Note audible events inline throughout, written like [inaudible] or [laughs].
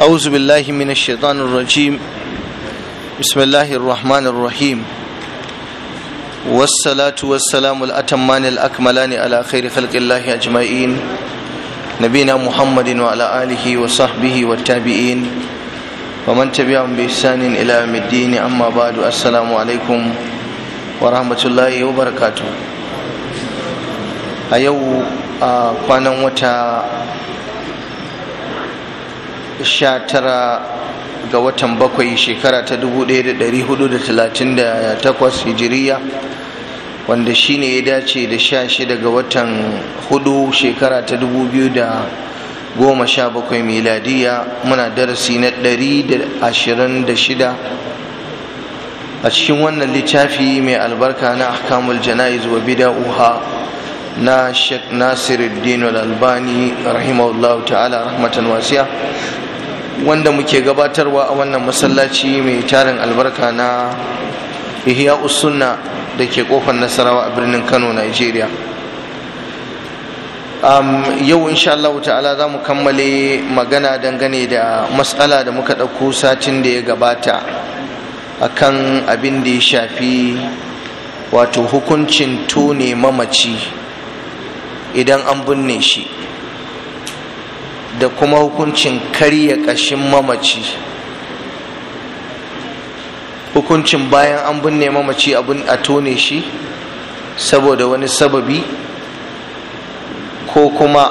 أعوذ بالله من الشيطان الرجيم بسم الله الرحمن الرحيم والصلاة والسلام الأتمان الأكملان على خير خلق الله أجمعين نبينا محمد وعلى آله وصحبه والتابعين ومن تبعهم بإحسان إلى يوم الدين أما بعد السلام عليكم ورحمة الله وبركاته أيو آه وانا وتا 19 ga watan bakwai shekara ta 1438 hijiriya wanda shi ne ya dace da 16 ga watan 4 shekara ta 2017 miladiya muna darasi na 126 a cikin wannan littafi mai albarka na akamul jana'iz wa bida uha na Sheikh nasiru Al-Albani rahimahullahu ta'ala rahmatan wasiya wanda muke gabatarwa a wannan masallaci mai tarin albarka na ihya usunna da ke kofar nasarawa a birnin kano nigeria yau insha Allah ta'ala za mu kammale magana dangane da matsala da muka ɗauko satin da ya gabata akan abin da ya shafi wato hukuncin tone mamaci idan an binne shi da kuma hukuncin karya kashin mamaci hukuncin bayan an binne mamaci abin a tone shi saboda wani sababi ko kuma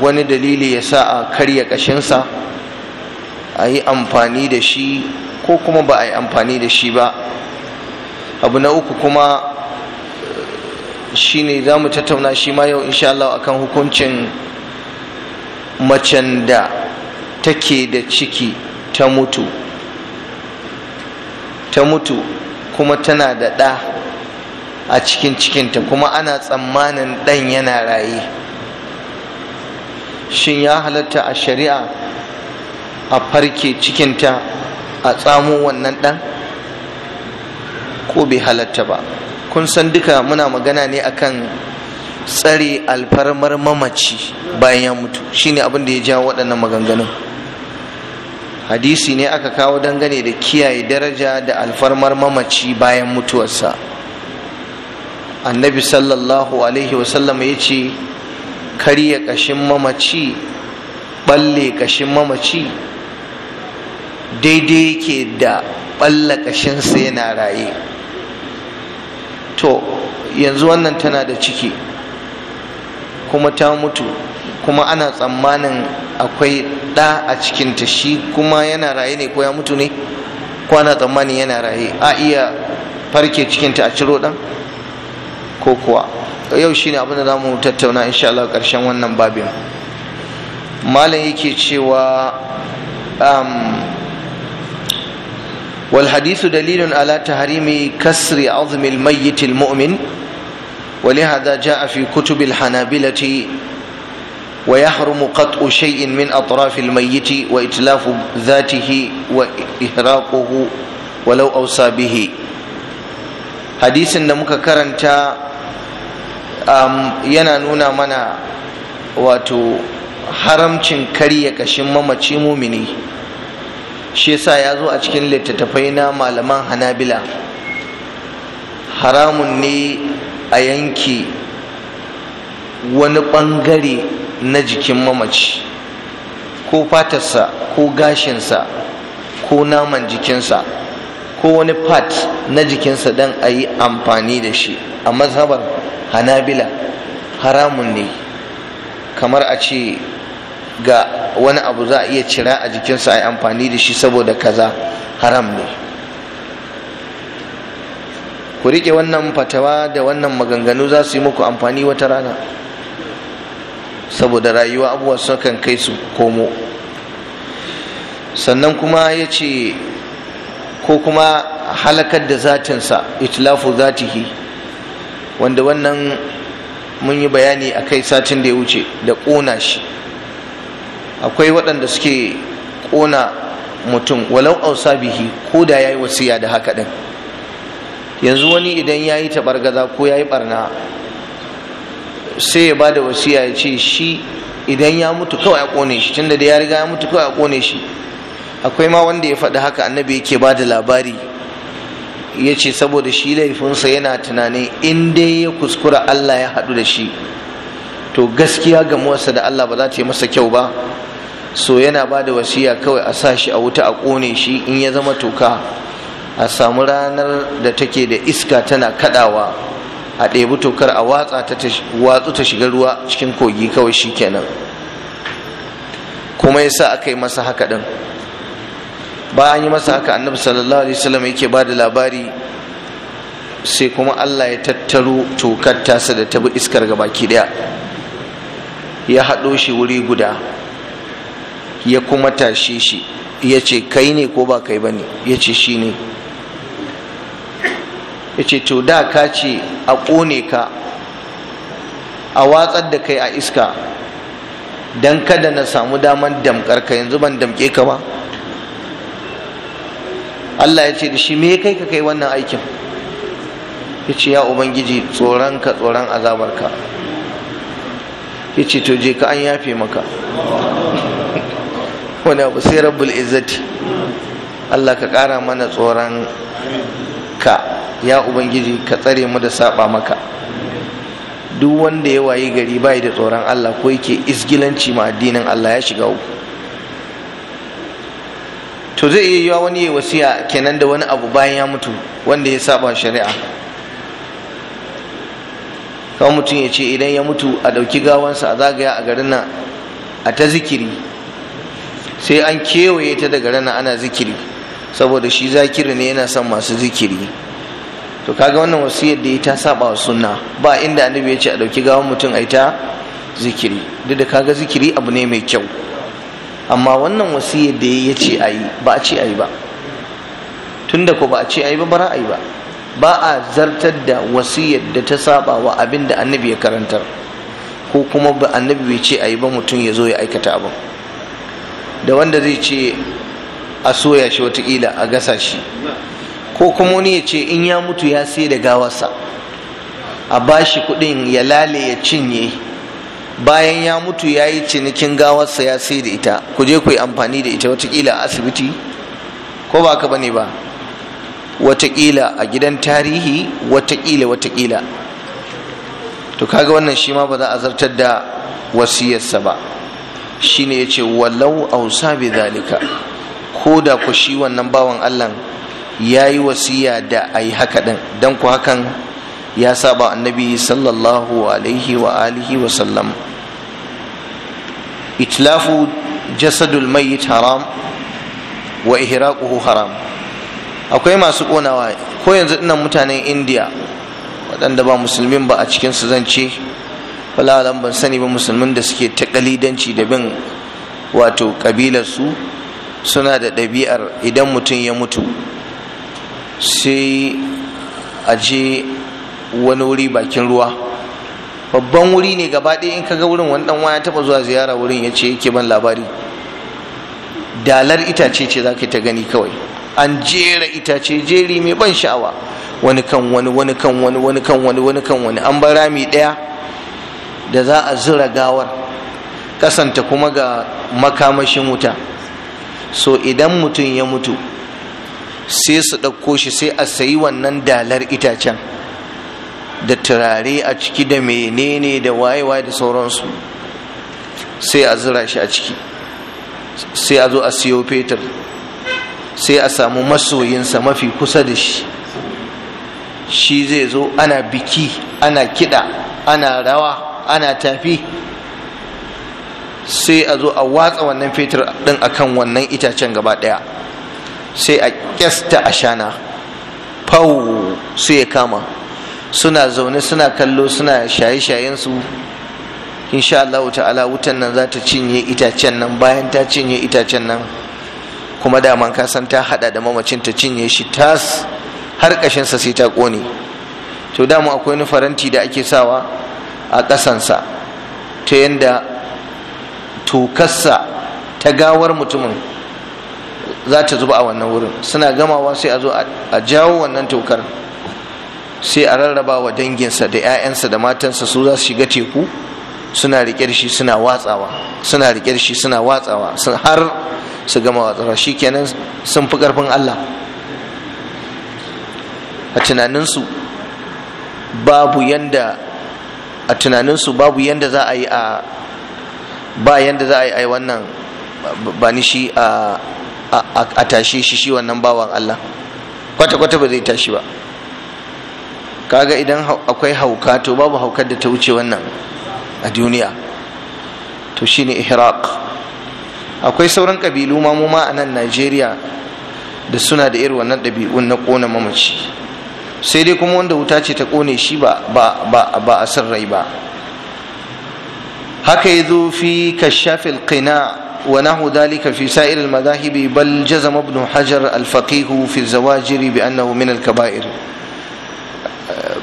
wani dalili ya sa a karya kashinsa a yi amfani da shi ko kuma ba a yi amfani da shi ba abu na uku kuma eh, shine za mu tattauna shi ma yau insha Allah akan hukuncin macen da take da ciki ta mutu ta mutu kuma tana da ɗa a cikin cikinta kuma ana tsammanin ɗan yana raye shin ya halatta a shari'a a farke cikinta a tsamo wannan ɗan ko bai halatta ba kun san duka muna magana ne akan tsare alfarmar mamaci bayan ya mutu shine abin da ya jawo waɗannan maganganun hadisi ne aka kawo dangane da kiyaye daraja da alfarmar mamaci bayan mutuwarsa annabi sallallahu alaihi wasallam ya ce karya ƙashin mamaci balle ƙashin mamaci daidai yake da ɓalla ƙashinsa yana raye to yanzu wannan tana da ciki kuma ta mutu kuma ana tsammanin akwai ɗa a cikinta shi kuma yana raye ne ko ya mutu ne ko ana tsammanin yana raye a iya farke cikinta a ciro ɗan ko kuwa yau shi ne abinda za mu tattauna insha Allah ƙarshen wannan babin malam yake cewa um, wal hadisu dalilun ala tahrimi kasri azmil mayyitil mu'min ولهذا جاء في كتب الحنابلة ويحرم قطع شيء من أطراف الميت وإتلاف ذاته وإهراقه ولو أوصى به حديث نمك كرنتا yana nuna mana wato haramcin karya kashin mamaci mumini shi yasa ya zo a cikin littattafai na malaman hanabila haramun ne a yanke wani ɓangare na jikin mamaci ko fatarsa ko gashinsa ko naman jikinsa ko wani part na jikinsa don a yi amfani da shi a mazhabar hanabila haramun ne kamar a ce ga wani abu za a iya cira a jikinsa a yi amfani da shi saboda kaza haram ne ku riƙe wannan fatawa da wannan maganganu za su yi muku amfani wata rana saboda rayuwa abubuwa sukan kai su komo sannan kuma ya ce ko kuma halakar da zatinsa itilafu zatihi wanda wannan mun yi bayani a kai satin da ya wuce da ƙona shi akwai waɗanda suke ƙona mutum walau ausabihi ko da ya yi wasiya da haka ɗin yanzu wani idan ya yi tabargaza ko ya yi barna sai ya bada wasiya ya ce shi idan ya mutu kawai a kone shi tunda da ya riga ya mutu kawai a kone shi akwai ma wanda ya faɗi haka annabi yake ba da labari ya ce saboda shi laifinsa yana tunanin in dai ya kuskura allah ya haɗu da shi to gaskiya ga gamuwarsa da allah ba za ta yi masa kyau ba so yana ba da wasiya kawai a sa shi a wuta a ƙone shi in ya zama toka a samu ranar da take da iska tana kadawa a ɗebi tokar a watsu ta shiga ruwa cikin kogi kawai shikenan kuma yasa aka yi masa haka ɗin bayan yi masa haka annabi sallallahu alaihi wasallam yake ba da labari sai kuma Allah ya tattaro tokar tasa da tabi iskar ga baki ɗaya. ya haɗo shi wuri guda ya kuma tashe shi ya ce kai ne ko ba kai ba ne ya ce shi ne ya ce to da ka ce a ƙone ka a watsar da kai a iska don kada na samu daman damkar ka yanzu ban damke ka ba Allah ya ce da shi me kai ka kai wannan aikin ya ce ya ubangiji tsoron ka tsoron azabarka ya ce to je ka an yafe maka [laughs] wani abu sai rabbul izzati Allah ka ƙara mana tsoron ka ya ubangiji ka tsare mu da saba maka duk wanda ya wayi gari bai da tsoron Allah ko yake isgilanci ma addinin Allah ya shiga to zai iya yiwa wani ya wasiya kenan da wani abu bayan ya mutu wanda ya saba shari'a kawai mutum ya ce idan ya mutu a dauki gawansa a zagaya a garin nan a ta zikiri sai an kewaye ta da garin nan ana zikiri saboda shi zakiri ne yana son masu zikiri to kaga wannan wasiyar da ita saba wa sunna ba inda annabi ya ce a dauki gawan mutum a ita zikiri duk da kaga zikiri abu ne mai kyau amma wannan wasiyar da ya ce a yi ba a ce a yi ba tunda ko ba a ce a yi ba bara a yi ba ba a zartar da wasiyar da ta saba wa abin da annabi ya karantar ko kuma ba annabi bai ce a yi ba mutum ya zo ya aikata abin da wanda zai ce a soya shi watakila a gasa shi ko kuma wani ya ce in ya mutu ya sai da gawarsa a bashi kuɗin ya lale ya cinye bayan ya mutu ya yi cinikin gawarsa ya sai da ita ku je ku yi amfani da ita watakila a asibiti ko ba ka ne ba watakila a gidan tarihi watakila watakila to kaga wannan shi ma ba za a zartar da wasiyarsa ba shine ya ce walau ausa bi zalika ko da ku shi wannan bawan allah ya yi wasiya da a yi haka ɗin don ku hakan ya saba annabi sallallahu alaihi wa alihi wa sallam itlafu jasadul mayyit haram wa ihraquhu haram akwai masu ƙonawa ko yanzu ina mutanen indiya waɗanda ba musulmin ba a cikin su zance falalan ban sani ba musulmin da suke ta ƙalidanci da bin wato ƙabilarsu suna da ɗabi'ar idan mutum ya mutu sai a je wani wuri bakin ruwa babban wuri ne gaba ɗaya in kaga wurin wani ɗan waya taɓa zuwa ziyara wurin ya ce yake ban labari dalar itace ce za ka ta gani kawai an jera itace jeri mai ban sha'awa wani kan wani wani kan wani wani kan wani wani kan wani an bar rami ɗaya da za a zura gawar kasanta kuma ga makamashin wuta so idan mutum ya mutu sai su ɗauko shi sai a sayi wannan dalar itacen da turare a ciki da menene da wayewa da sauransu sai a zira shi a ciki sai a zo a siyo fetur sai a samu masoyinsa mafi kusa da shi shi zai zo ana biki ana kiɗa ana rawa ana tafi sai a zo a watsa wannan fetur ɗin akan wannan itacen gaba ɗaya sai a kyasta ashana fau su ya kama suna zaune suna kallo suna shaye-shayensu insha Allah ta'ala wutan nan za ta cinye itacen nan bayan ta cinye itacen nan kuma daman ka san ta hada da mamacin ta cinye shi tas har ƙashinsa sai ta ƙone to dama akwai wani faranti da ake sawa a ƙasansa ta yanda tokarsa ta gawar mutumin za ta zuba a wannan wurin suna gamawa sai a zo a jawo wannan tokar sai a rarraba wa danginsa da 'ya'yansa da matansa su za su shiga teku suna riƙe shi suna watsawa suna riƙe shi suna watsawa har su gama watsawa kenan sun fi ƙarfin Allah a tunaninsu babu yanda a tunaninsu babu yanda za a yi a ba yanda za a yi wannan ba ni shi a a tashe shi shi wannan bawan Allah kwata-kwata ba zai tashi ba kaga idan akwai hauka to babu haukar da ta wuce wannan a duniya to shi ne Iraq. akwai sauran kabilu ma mu ma a nan Najeriya da suna da irin wannan ɗabi'un na ƙona mamaci sai dai kuma wanda wuta ce ta ƙone shi ba a san rai ba haka ya zo fi kashafil qina' ونحو ذلك في سائر المذاهب بل جزم ابن حجر الفقيه في الزواجر بأنه من الكبائر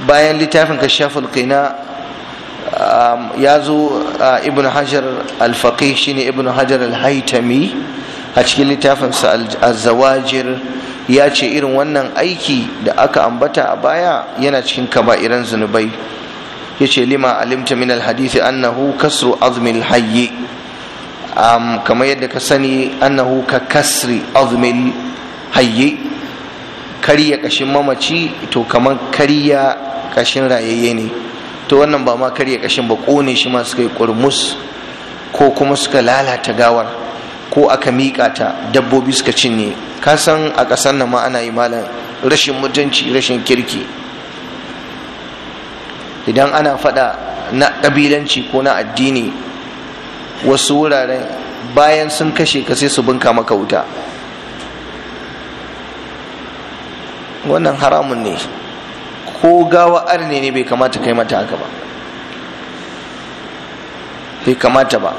bayan littafin kashafin qina ya zo a ibn hajar al-faqih shine ibn hajar al-haitami a cikin littafinsa al-zawajir ya ce irin wannan aiki da aka ambata a baya yana cikin kaba'iran zunubai ya ce lima alimta min al annahu kasru azmi al-hayyi um, kamar yadda ka sani annahu ka kasri azumin hayye karya kashin mamaci to kamar karya kashin rayayye ne to wannan ba ma karya kashin ba kone shi ma suka yi kurmus ko kuma suka lalata gawar ko aka miƙa ta dabbobi suka cinye ka san a ƙasar nan ma ana yi malam rashin mutunci rashin kirki idan ana faɗa na ƙabilanci ko na addini wasu wuraren bayan sun kashe ka sai su bunka maka wuta wannan haramun ne ko gawa arne ne bai kamata kai mata haka ba bai kamata ba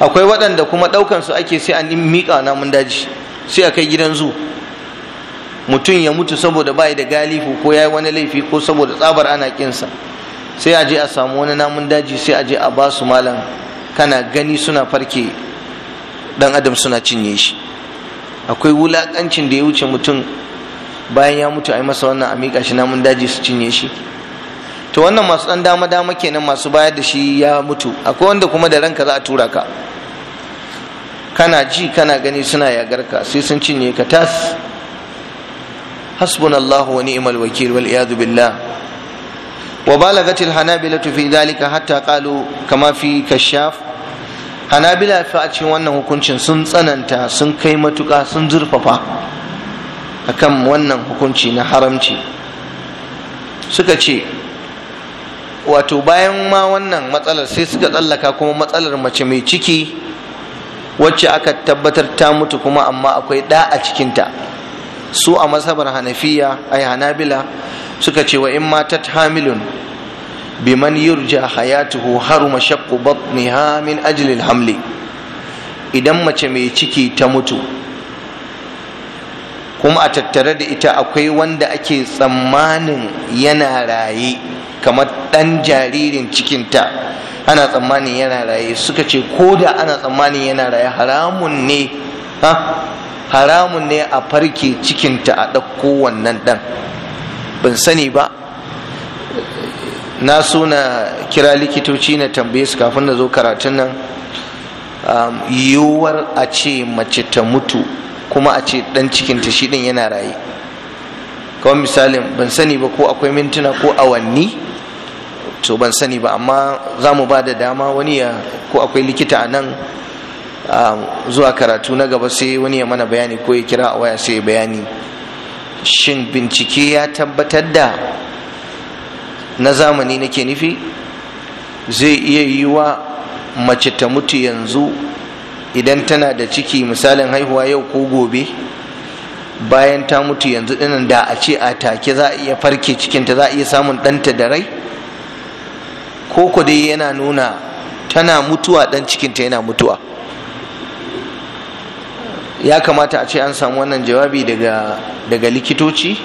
akwai waɗanda kuma ɗaukansu ake sai an miƙa namun daji sai a kai gidan zu mutum ya mutu saboda bai da galifu ko ya yi wani laifi ko saboda tsabar ana kinsa sai a je a samu wani namun daji sai a je a ba su malam kana gani suna farke dan adam suna cinye shi akwai wulakancin da ya wuce mutum bayan ya mutu a yi masa wannan a miƙa shi namun daji su cinye shi to wannan masu dan dama dama kenan masu bayar da shi ya mutu akwai wanda kuma da ranka za a tura ka kana ji kana gani suna yagar ka sai sun cinye ka tas hasbunallahu wa ni'mal wakil wal iyadu billah وبالغت الحنابلة في ذلك حتى قالوا كما في كشاف حنابلة فأتي tsananta كنشن سن سننتا سن كيمتك سن زرففا أكم na haramci. Suka ce wato bayan ma wannan matsalar sai suka tsallaka kuma matsalar mace mai ciki wacce aka tabbatar ta mutu kuma amma akwai ɗa a cikinta su a masabar hanafiya ai hanabila suka ce wa in matat hamilun biman yurja hayatuhu haruma shaqqu batniha min ajli hamli idan mace mai ciki ta mutu kuma a tattare da ita akwai wanda ake tsammanin yana raye kamar ɗan jaririn cikinta ana tsammanin yana raye suka ce ko da ana tsammanin yana raye haramun ne haramun ne a farke cikinta a ɗauko wannan ɗan ban sani ba na so na kira likitoci na tambaye su kafin na zo karatun nan um, yiwuwar a ce mace ta mutu kuma a ce dan cikinta shi din yana raye kawai misalin ban sani ba ko akwai mintuna ko awanni to ban sani ba amma za mu ba da dama wani ya ko akwai likita a nan um, zuwa karatu na gaba sai wani ya mana bayani ko ya kira a waya sai ya bayani shin bincike ya tabbatar da na zamani nake nufi zai iya yiwa mace ta mutu yanzu idan tana da ciki misalin haihuwa yau ko gobe bayan ta mutu yanzu dinan da a ce a take za a iya farke cikinta za a iya samun ɗanta da rai ko dai yana nuna tana mutuwa ɗan cikinta yana mutuwa ya kamata a ce an samu wannan jawabi daga likitoci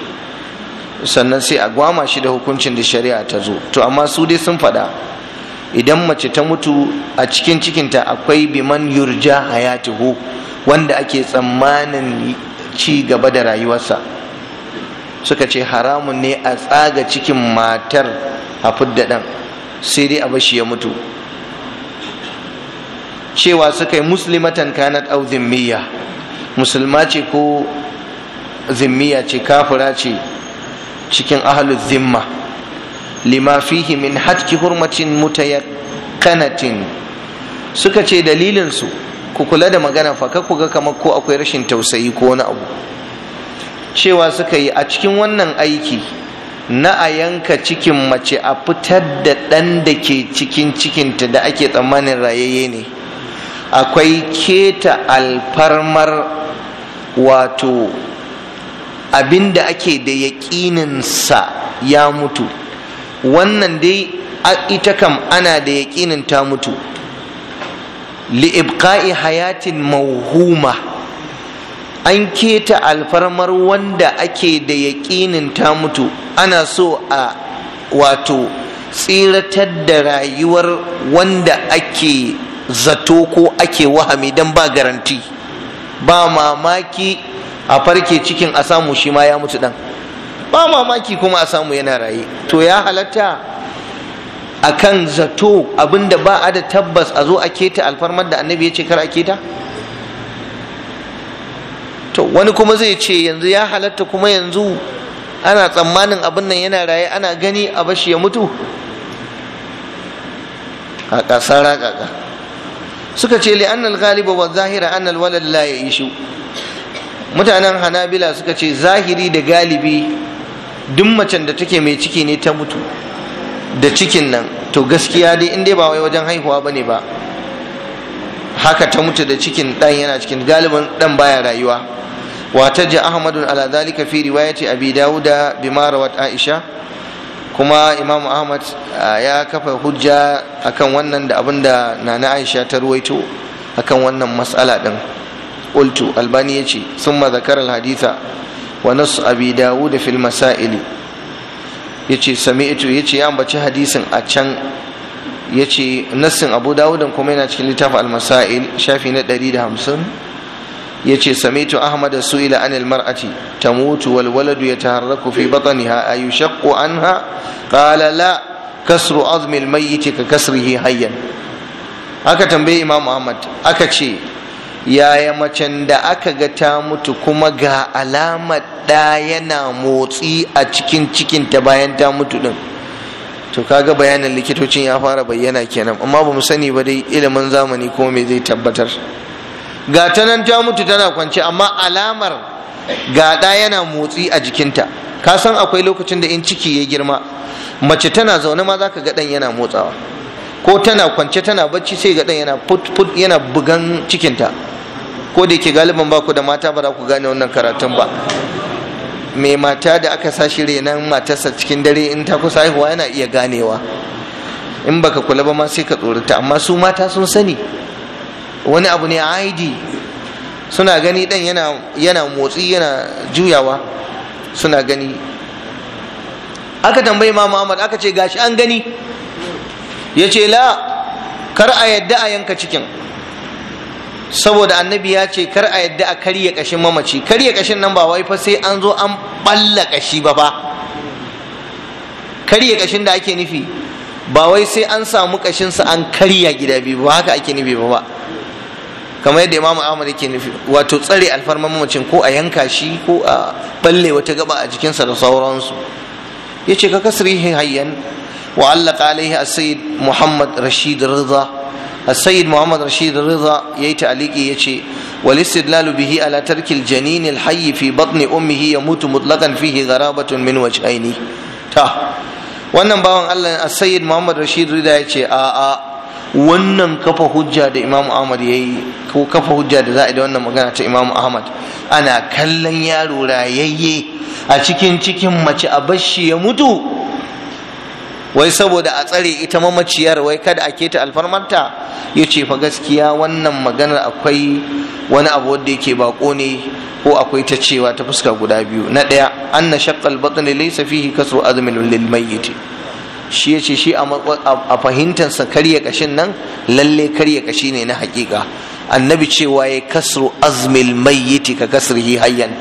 sannan sai a gwama shi da hukuncin da shari'a ta zo to amma su dai sun faɗa idan mace ta mutu a cikin cikinta akwai biman yurja hayatuhu wanda ake tsammanin ci gaba da rayuwarsa suka ce haramun ne a tsaga cikin matar a fidda sai dai a bashi ya mutu cewa suka yi muslimatan kanat auzin miya. musulma ce ko zimmiya ce kafira ce cikin ahalu zimma lima fihi min hatki hurmacin mutayakkanatin suka ce dalilinsu ku kula da magana fa ku ga kamar ko akwai rashin tausayi ko wani abu cewa suka yi a cikin wannan aiki na a yanka cikin mace a fitar da ɗan da ke cikin cikinta da ake tsammanin rayayye ne akwai keta alfarmar wato abinda ake da yaƙininsa ya mutu wannan dai ita kam ana da yaƙinin ta mutu li'ibqa'i hayatin mauhuma an keta alfarmar wanda ake da yaƙinin ta mutu ana so a wato tsiratar da rayuwar wanda ake zato ko ake wahami don ba garanti ba mamaki a farke cikin a samu shi ma ya mutu dan, ba mamaki kuma a samu yana raye to ya halatta a kan zato abinda ba a da tabbas a zo a keta alfarmar da annabi ya ce kar a keta to wani kuma zai ce yanzu ya halatta kuma yanzu ana tsammanin abin nan yana raye ana gani a bashi ya mutu a ƙasar raƙaƙa suka ce li annal ghaliba wa zahira ya walad la ya'ishu mutanen hanabila suka ce zahiri da galibi duk macen da take mai ciki ne ta mutu da cikin nan to gaskiya dai in dai ba wai wajen haihuwa bane ba haka ta mutu da cikin dan yana cikin galibin dan baya rayuwa wa taji ahmadun ala zalika fi riwayati abi dauda bima rawat aisha kuma Imam ahmad ya kafa hujja akan wannan da abinda nana aisha ta ruwaito akan wannan matsala din ultu albani ya ce sun mazakar alhaditha wa nasu abi da fil masaili ya ce ito ya ce ya ambaci hadisin a can ya ce nassin abu dawudan kuma yana cikin littafin al-masail shafi na 150 yace samitu ahmad su'ila anil mar'ati mutu wal waladu yataharraku fi batniha ayushaqqu anha qala la kasru azmil mayyiti ka kasrihi hayyan aka tambaye imam ahmad aka ce yaya macen da aka ga ta mutu kuma ga alamar da yana motsi a cikin cikinta bayan ta mutu din to kaga bayanin likitocin ya fara bayyana kenan amma ba mu sani ba dai ilimin zamani ko me zai tabbatar ga ta nan ta mutu tana kwance amma alamar gaɗa yana motsi a jikinta ka san akwai lokacin da in ciki ya girma mace tana zaune ma za ga ɗan yana motsawa ko tana kwance tana bacci sai ga yana put put yana bugan cikinta ko da yake galiban ba ku da mata ba za ku gane wannan karatun ba mai mata da aka sa sashi renan matarsa cikin dare in ta kusa haihuwa yana iya ganewa in baka kula ba ma sai ka tsorata amma su mata sun sani wani abu ne a I.D suna gani dan yana motsi yana juyawa suna gani aka tambayi ma Muhammad aka ce gashi an gani ya ce la kar a yadda a yanka cikin saboda annabi ya ce kar a yadda a karya kashin mamaci karya kashin nan ba wai fa sai an zo an balla kashi ba ba karya kashin da ake nufi ba wai sai an samu kashinsa an karya gida biyu ba haka ake nufi ba ba kamar yadda imamu ahmad yake nufi wato tsare alfarma mamacin ko a yanka shi ko a balle wata gaba a jikinsa da sauransu ya ce ka kasrihi hayyan wa Allah alaihi asayid muhammad rashid rida asayid muhammad rashid rida ya yi ta'aliki ya ce wal bihi ala tarkil janin alhayy fi batni ummihi mutu mutlakan fihi garabatun min wajhaini ta wannan bawan allah asayid muhammad rashid rida ya ce a'a wannan kafa hujja da imamu ahmad ya yi ko kafa hujja da za a da wannan magana ta imam ahmad ana kallon yaro rayayye a cikin cikin mace a bashi ya mutu wai saboda a tsare ita mamaciyar wai kada a ta alfarmarta ya ce fa gaskiya wannan maganar akwai wani abu wanda yake bako ne ko akwai ta cewa ta fuska guda biyu na ɗaya an na shakkal batni laisa fihi kasru azumin lil shi ya ce shi a fahimtansa karya kashin nan lalle karya kashi ne na hakika annabi cewa ya kasru azmil mayyiti ka kasrihi hayyan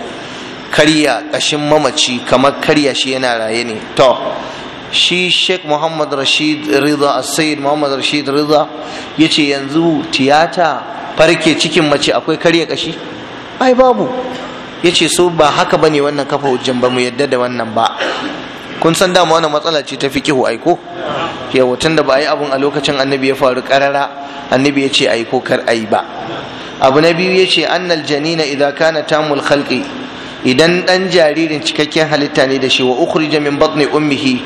karya kashin mamaci kamar karya shi yana raye ne to shi sheikh muhammad rashid rida sayyid muhammad rashid rida ya ce yanzu tiyata farke cikin mace akwai karya kashi ai babu ya ce so ba haka bane wannan kafa hujjan ba mu yadda da wannan ba kun san dama wannan matsala ce ta fiqihu ai ko yawa da ba yi abun a lokacin annabi ya faru karara annabi ya ce ai ko kar ai ba abu na biyu ya ce annal janina idza kana tamul khalqi idan ɗan jaririn cikakken halitta ne da shi wa ukhrija min batni ummihi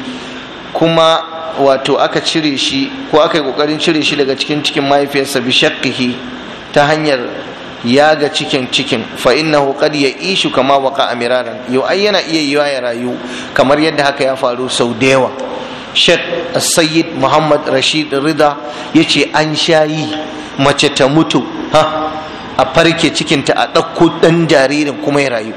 kuma wato aka cire shi ko aka yi kokarin cire shi daga cikin cikin mahaifiyarsa bi shaqqihi ta hanyar ya ga cikin cikin fa innahu qad ya'ishu kama waqa amiraran yau ai yana iya yiwa ya rayu kamar yadda haka ya faru sau da yawa Sheikh Sayyid Muhammad Rashid Rida yace an shayi mace ta mutu ha a farke cikinta a ɗauko ɗan jaririn kuma ya rayu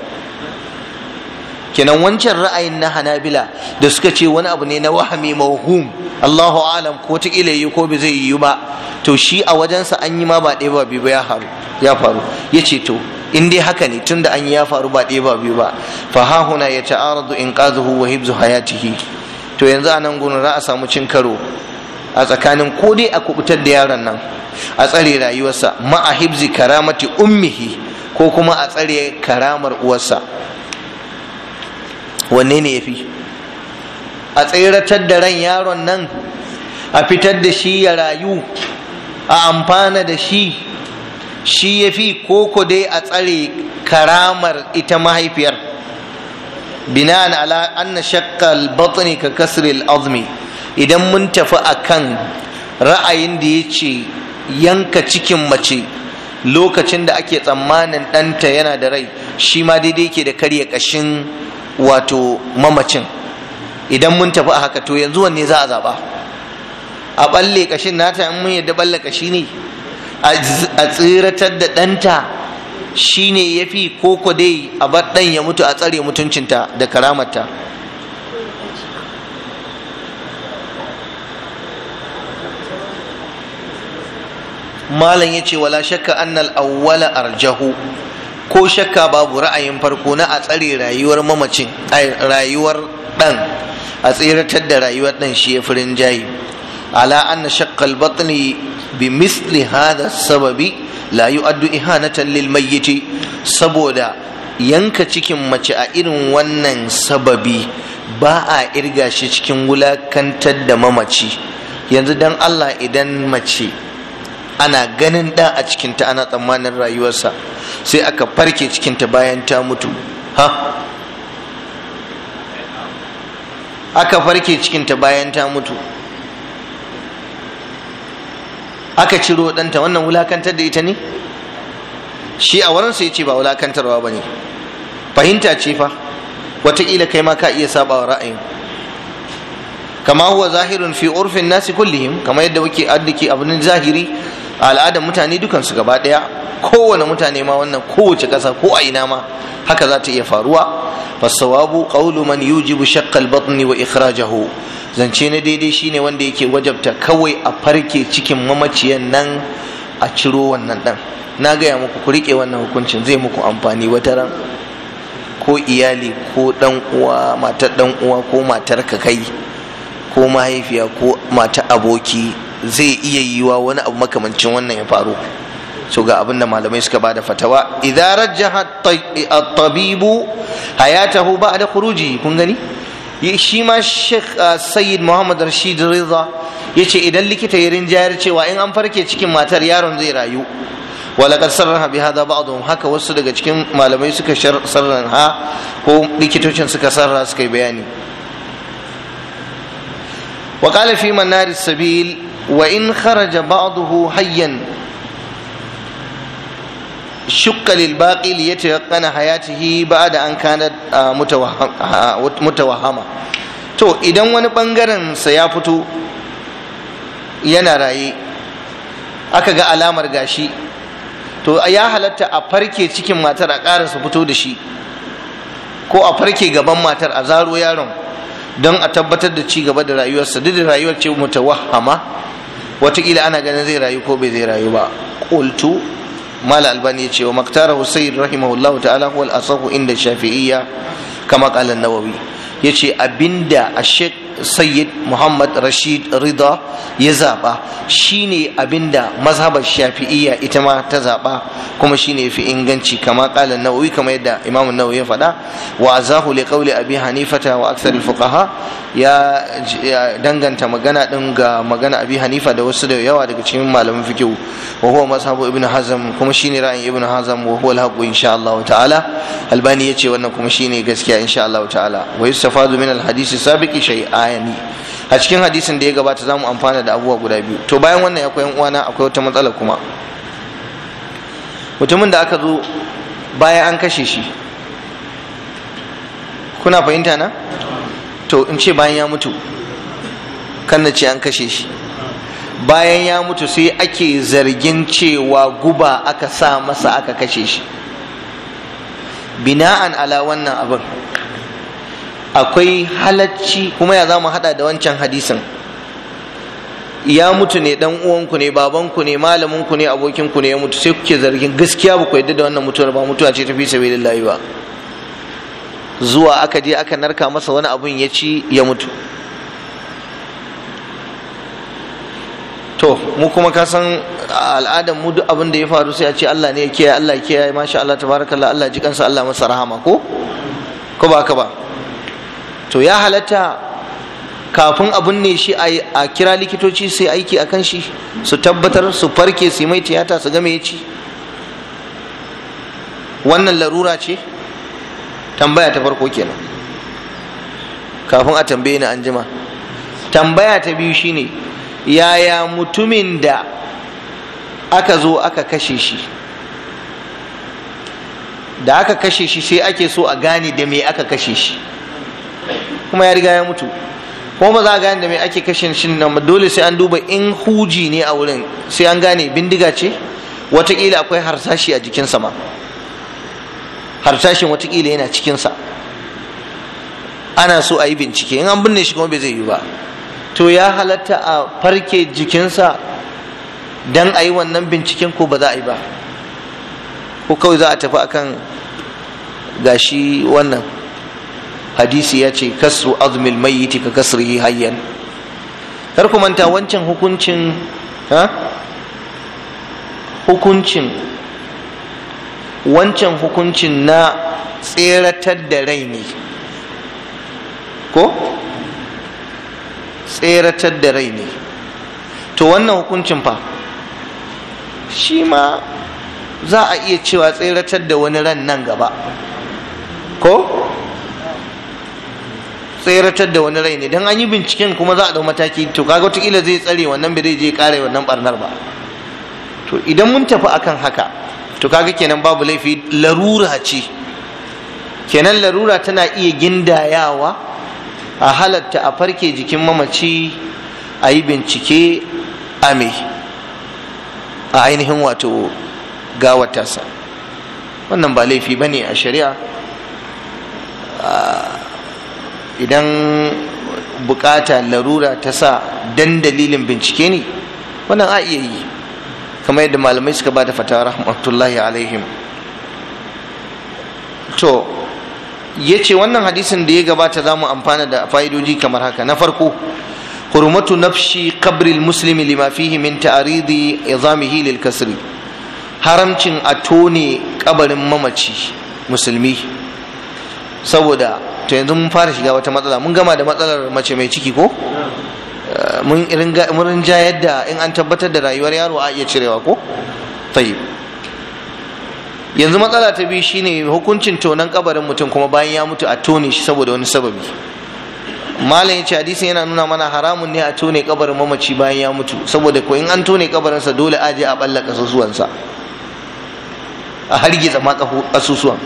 kenan wancan ra'ayin na hanabila da suka ce wani abu ne na wahami mawhum Allahu alam ko ta kila yi ko bai zai yi ba to shi a wajensa an yi ma ba ɗaya ba biyu ba ya faru ya ce to in dai haka ne tunda an yi ya faru ba ɗaya ba biyu ba fa hahuna ya in inqazuhu wa hibzu hayatihi to yanzu anan gurin za a samu cin karo a tsakanin ko dai a kubutar da yaron nan a tsare rayuwarsa ma a hibzi karamati ummihi ko kuma a tsare karamar uwarsa wanne ne ya fi a tseratar da ran yaron nan a fitar da shi ya rayu a amfana da shi shi ya fi koko dai a tsare karamar ita mahaifiyar Bina ala anna shakkal batni ka kasril azmi idan mun tafi akan ra'ayin da ya ce yanka cikin mace lokacin da ake tsammanin ɗanta yana da rai shi ma daidai ke da karya ƙashin wato mamacin idan mun tafi a haka to yanzu wanne za a zaɓa? a balle kashin nata in mun yadda balle kashi ne a tsiratar da ɗanta shi ne ya fi koko dai a bar ɗan ya mutu a tsare mutuncinta da karamarta malam ya ce wala shakka annal awwala arjahu ko shakka babu ra'ayin farko na a tsare rayuwar mamacin rayuwar ɗan a tseratar da rayuwar ɗan shi ya firin jayi ala anna shakkal batni bi misli hada sababi la yu'addu ihanatan lil mayyiti saboda yanka cikin mace a irin wannan sababi ba a irga shi cikin wulakantar da mamaci yanzu dan Allah idan mace ana ganin da a cikinta ana tsammanin rayuwarsa sai aka farke cikinta bayan ta mutu ha aka farke cikinta bayan ta mutu aka ciro ɗanta wannan wulakantar da ita ne shi a wurinsa ya ce ba wulakantarwa ba ne fahimta ce fa wataƙila kai ma ka iya sabawa ra'ayin kama huwa zahirun fi urfin nasi kullihim kama yadda muke addiki abin zahiri a al'adar mutane dukansu gaba ɗaya kowane mutane ma wannan kowace ƙasa ko a ina ma haka za ta iya faruwa fasawabu qawlu man yujibu shaqqal batni wa ikhrajahu zance na daidai shine wanda yake wajabta kawai a farke cikin mamaciyan nan a ciro wannan dan na gaya muku ku rike wannan hukuncin zai muku amfani wata ran ko iyali ko dan uwa matar dan uwa ko matar ka kai ko mahaifiya ko mata aboki zai iya yiwa wani abu makamancin wannan ya faru so ga abinda malamai suka bada fatawa idza rajjaha at-tabibu hayatahu da khuruji kun gani shi ma Sheikh uh, Sayyid Muhammad Rashid ya ce idan likita ya rinjayar cewa in an farke cikin matar yaron zai rayu walaqad sarraha bi hadha ba'dhum haka wasu daga cikin malamai suka sarranha ko likitocin suka sarra suka yi bayani وقال في منار السبيل وإن خرج بعضه حيا شق للباقي ليتيقن حياته بعد أن كانت متوهمة to idan wani bangaren sa ya fito yana raye aka ga alamar gashi to ya halatta a farke cikin matar a ƙarasa fito da shi ko a farke gaban matar a zaro yaron don a tabbatar da ci gaba da rayuwarsa duk da rayuwar ce mutawahama watakila ana ganin zai rayu ko bai zai rayu ba qultu mal albani ya ce wa maktarahu sayyid rahimahullahu ta'ala huwa al-asahu inda shafi'iyya kama qala an-nawawi ya ce abinda a sheikh sayyid muhammad rashid rida ya zaɓa shine abinda mazhabar shafi'iyya ita ma ta zaɓa kuma shine fi inganci kama kala nawawi kama yadda imamun nawawi ya faɗa wa azahu li qawli abi hanifata wa aksar fuqaha ya danganta magana din ga magana abi hanifa da wasu da yawa daga cikin malaman fiqh wa huwa mazhabu ibn hazm kuma shine ra'ayin ibn hazm wa huwa al-haqq insha Allah ta'ala albani yace wannan kuma shine gaskiya insha Allah ta'ala wa yustafadu min alhadisi sabiqi ayani a cikin hadisin da ya gabata zamu amfana da abubuwa guda biyu to bayan wannan akwai yan uwana akwai wata matsala kuma mutumin da aka zo bayan an kashe shi kuna fahimta na to in ce bayan ya mutu kan na ce an kashe shi bayan ya mutu sai ake zargin cewa guba aka sa masa aka kashe shi bina'an ala wannan abin akwai halacci kuma ya za mu haɗa da wancan hadisin ya mutu ne dan uwanku ne babanku ne malaminku ne abokinku ne ya mutu sai kuke zargin gaskiya ba ku yadda da wannan mutuwar ba mutuwa ce tafi sabilillahi ba zuwa aka je aka narka masa wani abun ya ci ya mutu to mu kuma ka san al'adar mu duk abin da ya faru sai a ce Allah ne ya kiyaye Allah ya kiyaye masha Allah tabarakallah Allah ji kansa Allah masa rahama ko ko ba ka ba to ya halatta kafin a binne shi a kira likitoci sai aiki a kan shi su tabbatar su farke su mai tiyata su game ya ci wannan larura ce tambaya ta farko kenan kafin a tambaye ni an jima tambaya ta biyu shine yaya mutumin da aka zo aka kashe shi da aka kashe shi sai ake so a gane da me aka kashe shi kuma ya riga ya mutu kuma ba za a gane da mai ake kashe shi nan dole sai an duba in huji ne a wurin sai an gane bindiga ce watakila akwai harsashi a jikinsa ma harsashin watakila yana cikinsa ana so a yi bincike in an binne shi kuma bai zai yi ba to ya halatta a farke jikinsa don a yi wannan binciken ko ba za a yi ba ko kawai za a tafi akan gashi wannan hadisi ya ce kasru azumin mayyiti ka kasrihi hayyan kar ku manta wancan hukuncin ha hukuncin wancan hukuncin na tseratar da rai ne ko tseratar da rai ne to wannan hukuncin fa shi ma za a iya cewa tseratar da wani ran nan gaba ko tseratar da wani rai ne don an yi binciken kuma za a dau mataki to kaga wataƙila zai tsare wannan ba zai je kare wannan barnar ba to idan mun tafi akan haka to kaga kenan babu laifi larura ce kenan larura tana iya gindayawa a halatta a farke jikin mamaci a yi bincike a mai a ainihin wato gawatarsa wannan ba laifi ba ne a shari'a ah, idan bukata larura ta sa dan dalilin bincike ne wannan a iya yi kamar yadda malamai suka ba da fata rahmatullahi alaihim to ya ce wannan hadisin da ya gabata za mu amfana da fa'idoji kamar haka na farko hurmatu nafshi kabril muslimi lima fihi min ta'aridi izamihi lil kasri haramcin a tone kabarin mamaci musulmi saboda to yanzu mun fara shiga wata matsala mun gama da matsalar mace mai ciki ko eh, mun ja yadda in an tabbatar da rayuwar yaro a iya cirewa ko tayyib yanzu matsala ta biyu shine hukuncin tonon kabarin mutum kuma bayan ya mutu a tone shi saboda wani sababi malam ya ce hadisin yana nuna mana haramun ne a tone kabarin mamaci bayan ya mutu saboda ko in an tone kabarinsa dole aje a balla sa. a hargiza ma kasusuwan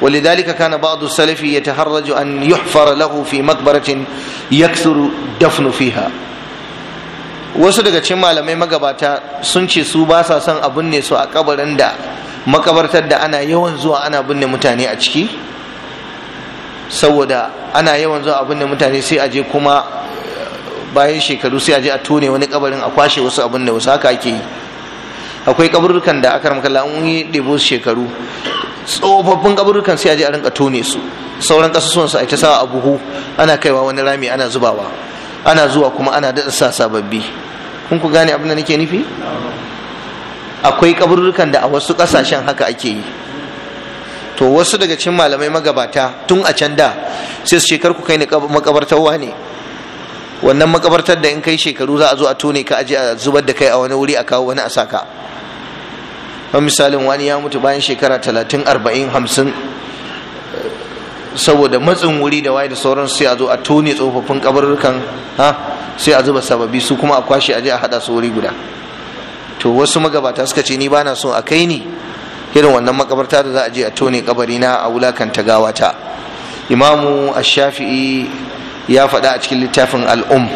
ولذلك كان بعض السلف يتحرج أن يحفر له في مقبرة يكثر دفن فيها wasu daga cikin malamai magabata sun ce su ba sa son a binne su a kabarin da makabartar da ana yawan zuwa ana binne mutane a ciki saboda ana yawan zuwa a binne mutane sai a je kuma bayan shekaru sai a je a tone wani kabarin a kwashe wasu abin da wasu haka ake yi akwai kaburukan da aka ramkala la'un yi ɗebo shekaru tsofaffin kaburukan sai a je a rinka tone su sauran kasusuwan su a ta sawa a buhu ana kaiwa wani rami ana zubawa ana zuwa kuma ana daɗa sa sababbi kun ku gane abin da nake nufi akwai kaburukan da a wasu ƙasashen haka ake yi to wasu daga cikin malamai magabata tun a can da sai su shekar ku kai ni makabartar ne wannan makabartar da in kai shekaru za a zo a tone ka aje a zubar da kai a wani wuri a kawo wani a saka an misalin wani ya mutu bayan shekara talatin arba'in hamsin saboda matsin wuri da waye da sauran sai a zo a tone tsofaffin kabarurkan ha sai a zuba sababi su kuma a kwashe aje a hada su wuri guda to wasu magabata suka ce ni bana so a kai ni irin wannan makabarta da za a je a tone kabari na a wulakanta gawata imamu ash-shafi'i ya faɗa a cikin littafin Al um.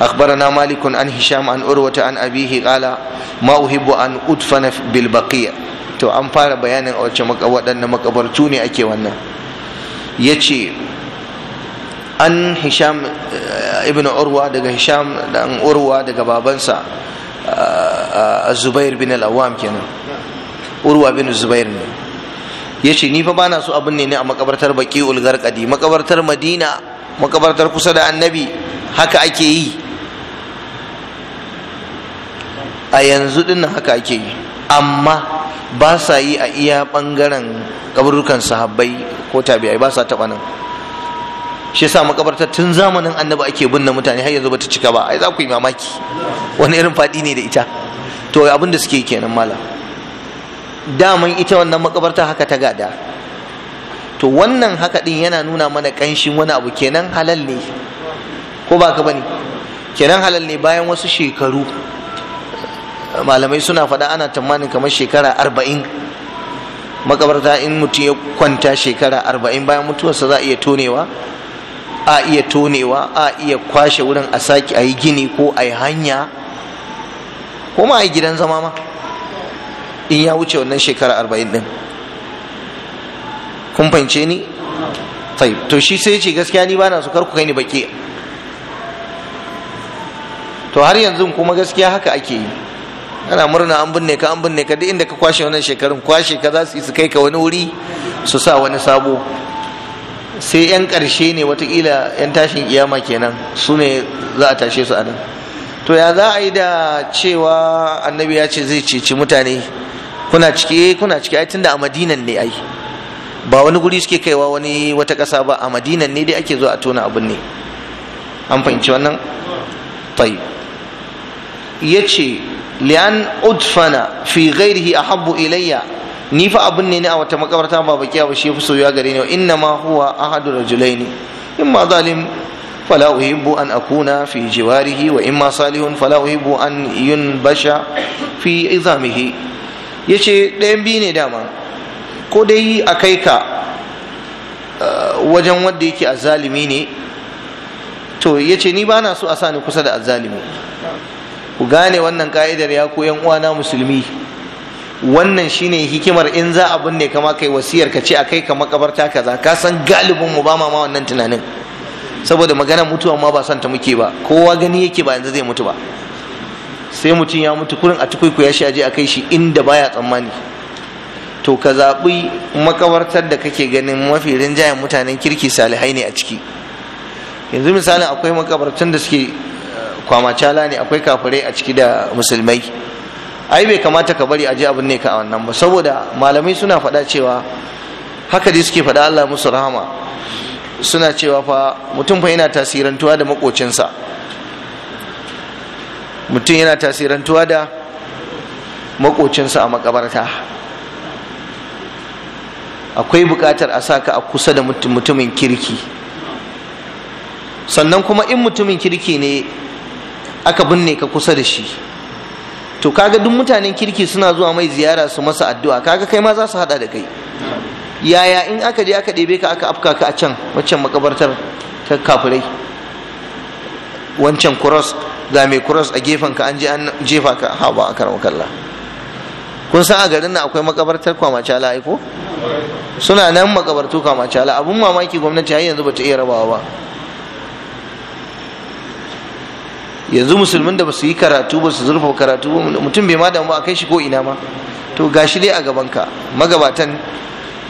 Akbarana malikun an هشام عن أروة an أبيه قال ما أحب أن أدفن to an fara bayanin a wacce waɗannan makabartu ne ake wannan ya ce an hisham ibn urwa daga hisham dan urwa daga babansa zubair bin al-awwam kenan urwa bin zubair ne ya ce ni fa bana so abun ne a makabartar baki ulgar makabartar madina makabartar kusa da annabi haka ake yi a yanzu dinnan haka ake yi amma ba sa yi a iya bangaren kaburukan sahabbai ko tabi'ai ba sa taba nan shi sa makabartar tun zamanin annabi ake binne mutane har yanzu bata cika ba ai za ku yi mamaki wani irin faɗi ne da ita to abin da suke kenan mala daman ita wannan makabarta haka ta gada to wannan haka din yana nuna mana kanshin wani abu kenan halal ne ko ba ka bane kenan halal ne bayan wasu shekaru malamai suna faɗa ana tamanin kamar shekara arba'in makabarta in mutum ya kwanta shekara arba'in bayan mutuwarsa za a iya tonewa a iya tonewa a iya kwashe wurin a saki a yi gini ko a yi hanya ko ma a yi gidan zama ma in ya wuce wannan shekara arba'in din kun fahimce ni to shi sai ce gaskiya ni bana so kar ku kai ni baki to har yanzu kuma gaskiya haka ake yi ana murna an binne ka an binne ka duk inda ka kwashe wannan shekarun kwashe ka za su su kai ka wani wuri su sa wani sabo sai yan ƙarshe ne watakila yan tashin kiyama kenan su ne za a tashe su a nan to ya za a yi da cewa annabi ya ce zai ci mutane kuna ciki eh, kuna ciki ai tunda a madinan ne ai ba wani guri suke kaiwa wani wata ƙasa ba a madinan ne dai ake zuwa a tona abin ne an fahimci wannan tayi ya ce li'an udfana fi ghairihi ahabbu ilayya ni fa abin ne ne a wata makabarta ba bakiya ba shi fi soyuwa gare ni inna ma huwa ahadu in ma zalim akuna fi jiwarihi wa in ma salihun صالح فلا an أن fi izamihi. Ya yace ɗayan biyu ne dama ko dai a kai ka uh, wajen wanda yake azzalimi ne to ya ce ni ba na so a sa kusa da azzalimi ku gane wannan ka'idar ya koyan uwana musulmi wannan shine hikimar in za a binne kama kai wasiyar ka ce a kai ka makabarta kaza ka san galibin mu ba ma wannan tunanin saboda magana mutuwa ma ba san ta muke ba kowa gani yake ba yanzu zai mutu ba sai mutum ya mutu kurin a tukuiku ya shi aje a kai shi inda baya tsammani to ka zaɓi makabartar da kake ganin mafi rinjayen mutanen kirki salihai ne a ciki yanzu misalin akwai makabartun da suke eh, kwamacala ne akwai kafirai a ciki da musulmai ai bai kamata ka bari a ji abin ne ka a wannan ba saboda malamai suna faɗa cewa haka dai suke faɗa Allah musu rahama suna cewa fa mutum fa yana tasirantuwa da makocinsa mutum yana tasirantuwa da makocinsa a makabarta akwai buƙatar a sa ka a kusa da mutumin kirki sannan kuma in mutumin kirki ne aka binne ka kusa da shi to kaga duk mutanen kirki suna zuwa mai ziyara su masa addu'a kaga kai ma za su haɗa da kai yaya in aka je aka ɗebe ka aka afka ka a can waccan makabartar ta kafirai wancan cross ga mai cross a gefen ka an jefa ka ha ba a karamar kun san a garin nan akwai makabartar kwamacala ala ko suna nan makabartu ala abun mamaki gwamnati har yanzu bata iya rabawa ba yanzu musulmin da ba su yi karatu ba su zurfa karatu mutum bai ma damu ba a kai shi ko ina ma to gashi dai a gabanka magabatan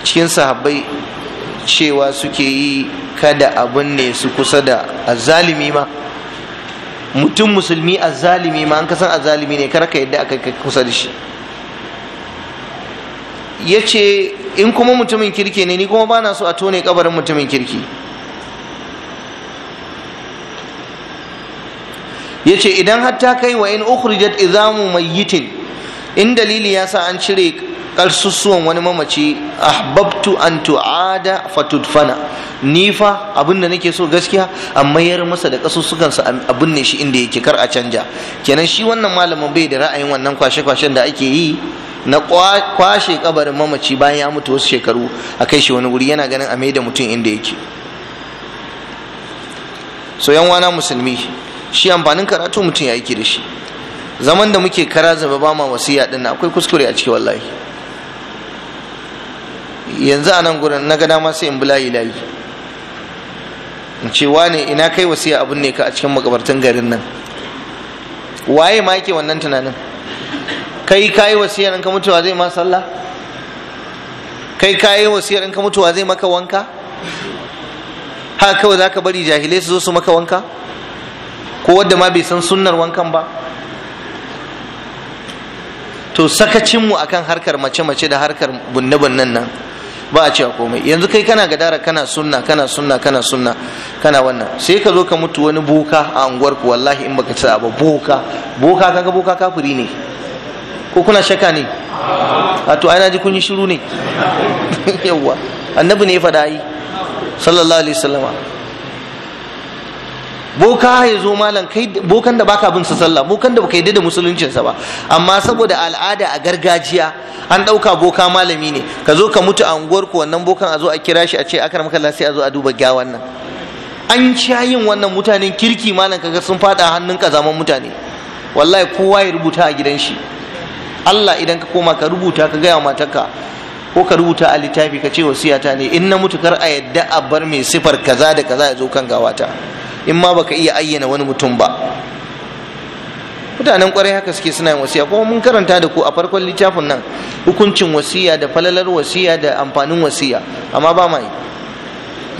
cikin sahabbai cewa suke yi kada abin ne su kusa da azalimi ma mutum musulmi azalimi ma an kasan azalimi ne kar ka yadda aka kusa da shi ya ce in kuma mutumin kirki ne ni kuma ba na so a tone kabarin mutumin kirki ya ce idan hatta kai wa in ukhrijat izamu mayyitin in dalili ya sa an cire ƙarsussuwan wani mamaci ahbabtu an tu'ada fatudfana nifa, fa abinda nake so gaskiya amma yar masa da ƙasussukansa a binne shi inda yake kar a canja kenan shi wannan malamin bai da ra'ayin wannan kwashe-kwashen da ake yi na kwashe kabarin mamaci bayan ya mutu wasu shekaru a kai shi wani wuri yana ganin a da mutum inda yake so yan wana musulmi shi amfanin karatu mutum ya ki da shi zaman da muke kara zaba ba ma wasiya din akwai kuskure a ciki wallahi yanzu a nan gurin na ga dama sai in bi layi layi in ce wane ina kai wasiya abin ne ka a cikin makabartan garin nan waye ma yake wannan tunanin kai kayi wasiyar in ka mutuwa zai ma sallah kai kayi wasiyar in ka mutuwa zai maka wanka haka kawai za ka bari jahilai su zo su maka wanka ko wadda ma bai san sunnar wankan ba to sakacinmu akan harkar mace-mace da harkar bunne-bunnen nan ba a cewa komai yanzu kai kana gadara kana sunna kana sunna kana sunna kana wannan sai ka zo ka mutu wani boka a unguwarku, ku wallahi in baka tsaya ba boka boka kaga boka kafiri ne ko kuna shaka ne a to ana ji kun yi shiru ne [laughs] yawwa annabi ne ya faɗa yi sallallahu alaihi wasallama boka ya zo malam kai bokan da baka bin sa sallah bokan da baka yi da musuluncin sa ba amma saboda al'ada a gargajiya an dauka boka malami ne ka zo ka mutu a unguwar ku wannan bokan a zo a kira shi a ce akar maka sai a zo a duba gyawan nan an sha yin wannan mutanen kirki malam kaga sun fada hannun kazaman mutane wallahi kowa ya rubuta a gidan shi Allah idan ka koma ka rubuta ka gaya matarka ko ka rubuta a littafi ka ce wasiyata ne in na mutu kar a yadda a bar mai sifar kaza da kaza ya zo kan gawata in ma baka iya ayyana wani mutum ba mutanen kwarai haka suke suna yin wasiya kuma mun karanta da ku a farkon littafin nan hukuncin wasiya da falalar wasiya da amfanin wasiya amma ba mai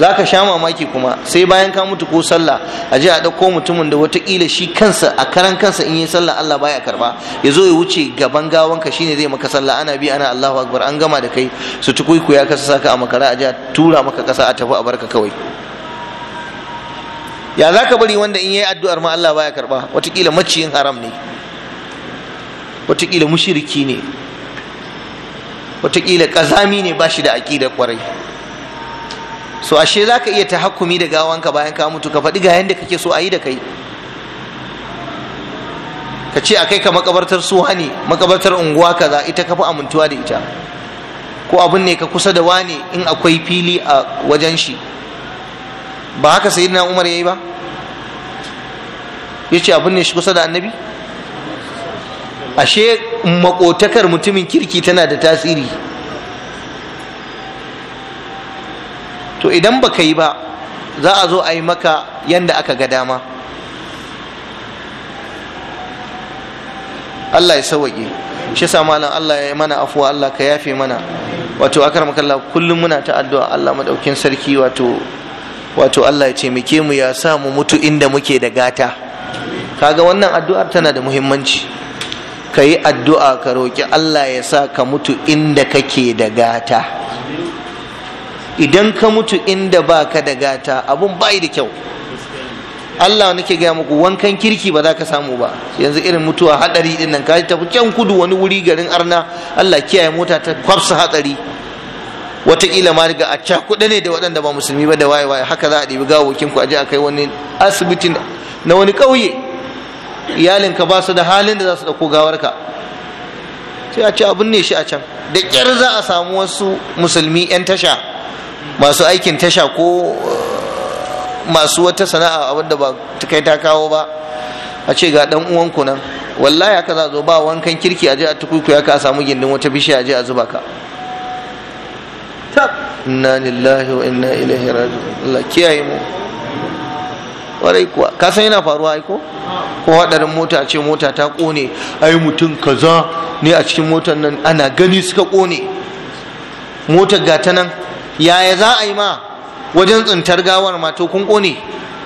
za ka sha mamaki kuma sai bayan ka mutu ko sallah a ji a ɗauko mutumin da watakila shi kansa a karan kansa in yi sallah Allah baya karba ya zo ya wuce gaban gawanka shine zai maka sallah ana bi ana Allahu akbar an gama da kai su tukuiku ya kasa saka a makara a ji a tura maka kasa a tafi a barka kawai ya za ka bari wanda in yayi addu'ar ma Allah baya karba watakila maciyin haram ne watakila mushriki ne watakila kazami ne ba shi da aƙida kwarai so ashe za ka iya ta hakumi da gawanka bayan ka mutu ka faɗi ga yadda kake so a da kai ka ce a kai ka makabartar ne makabartar unguwa kaza ita ka fi amintuwa da ita ko abin ne ka kusa da wane in akwai fili a wajen shi ba haka sai na umar ya yi ba Ya ce abin ne shi kusa da annabi ashe makotakar mutumin kirki tana da tasiri to idan baka yi ba za a zo a yi maka yadda aka ga dama Allah ya sawaƙe shi sa malam Allah ya yi mana afuwa Allah ka yafe mana wato akar makalla kullum muna ta addu'a Allah madaukin sarki wato wato Allah ya taimake mu ya sa mu mutu inda muke da gata kaga wannan addu'ar tana da muhimmanci ka yi addu'a ka roƙi Allah ya sa ka mutu inda kake da gata idan ka mutu inda ba ka da gata abun bai da kyau Allah nake gaya muku wankan kirki ba za ka samu ba yanzu irin mutuwa hadari din nan ka tafi can kudu wani wuri garin arna Allah kiyaye mota ta kwafsa hatsari wataƙila ma daga a cakuɗa ne da waɗanda ba musulmi ba da waye waye haka za a ɗibi gawokin ku a je a kai wani asibiti na wani ƙauye iyalinka ba su da halin da za su ɗauko ka. sai a ce abin ne shi a can da ƙyar za a samu wasu musulmi 'yan tasha masu aikin tasha ko eh, masu wata sana'a abin da ba ta kai ta kawo ba a ce ga ɗan uwanku nan wallahi haka za a zo ba wankan kirki a je a tukuku ya ka a samu gindin wata bishiya a je a zuba ka tab inna lillahi wa inna ilaihi raji'un Allah kiyaye mu warai kuwa ka san yana faruwa aiko ko hadarin mota ce mota ta kone ai mutum kaza ne a cikin motar nan ana gani suka kone motar ga ta nan yaya za a yi ma wajen tsintar gawar ma to kun kone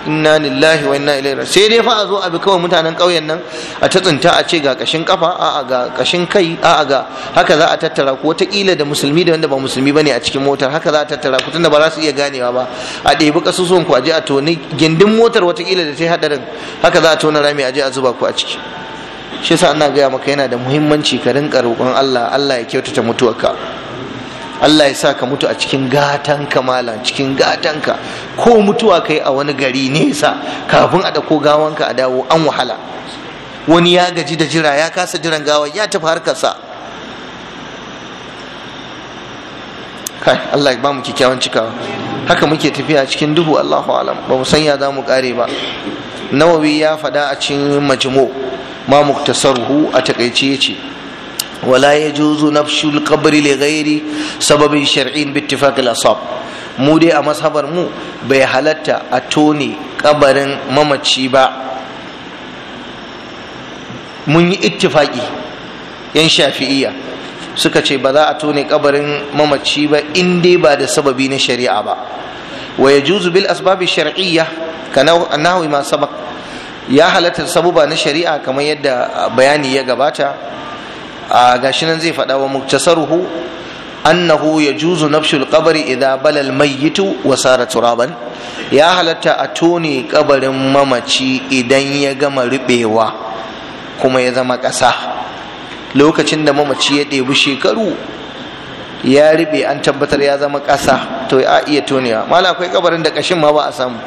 inna lillahi wa inna ilaihi sai dai fa a zo a bi kawai mutanen ƙauyen nan a ta tsinta a ce ga kashin kafa a a ga kashin kai a a ga haka za a tattara ku wataƙila da musulmi da wanda ba musulmi bane a cikin motar haka za a tattara ku tunda ba za su iya ganewa ba a ɗebi kasusuwan ku a je a toni gindin motar wataƙila da ta yi haɗarin haka za a tona rami a je a zuba ku a ciki shi yasa ina gaya maka yana da muhimmanci ka rinka roƙon Allah Allah ya kyautata mutuwarka Allah ya sa ka mutu a cikin gatan kamala cikin gatan ka ko mutuwa kai a wani gari nesa kafin a dako gawanka a dawo an wahala wani ya gaji da jira ya kasa jiran gawan ya tafi harkarsa kai Allah ya ba mu kyakkyawan cikawa haka muke tafiya cikin duhu Allahu alam ba mu san ya za mu kare ba nawawi ya faɗa a cikin majmu ma muktasaruhu a takaice yace ولا يجوز نبش القبر لغير سبب شرعي باتفاق الأصاب mu dai a masabar mu bai halatta a tone kabarin mamaci ba mun yi ittifaki yan shafi'iyya suka ce ba za a tone kabarin mamaci ba in dai ba da sababi na shari'a ba wa ya juzu bil asbabi shar'iyya kana annahu ma sabaq ya halatta sabuba na shari'a kamar yadda bayani ya gabata a gashi nan zai faɗa wa muktasaruhu annahu ya juzu nafshul kabari idan balal mayyitu wa sara turaban ya halatta a tone kabarin mamaci idan ya gama ruɓewa kuma ya zama ƙasa lokacin da mamaci ya ɗebi shekaru ya ruɓe an tabbatar ya zama ƙasa to a iya tonewa mala akwai kabarin da ƙashin ma ba a samu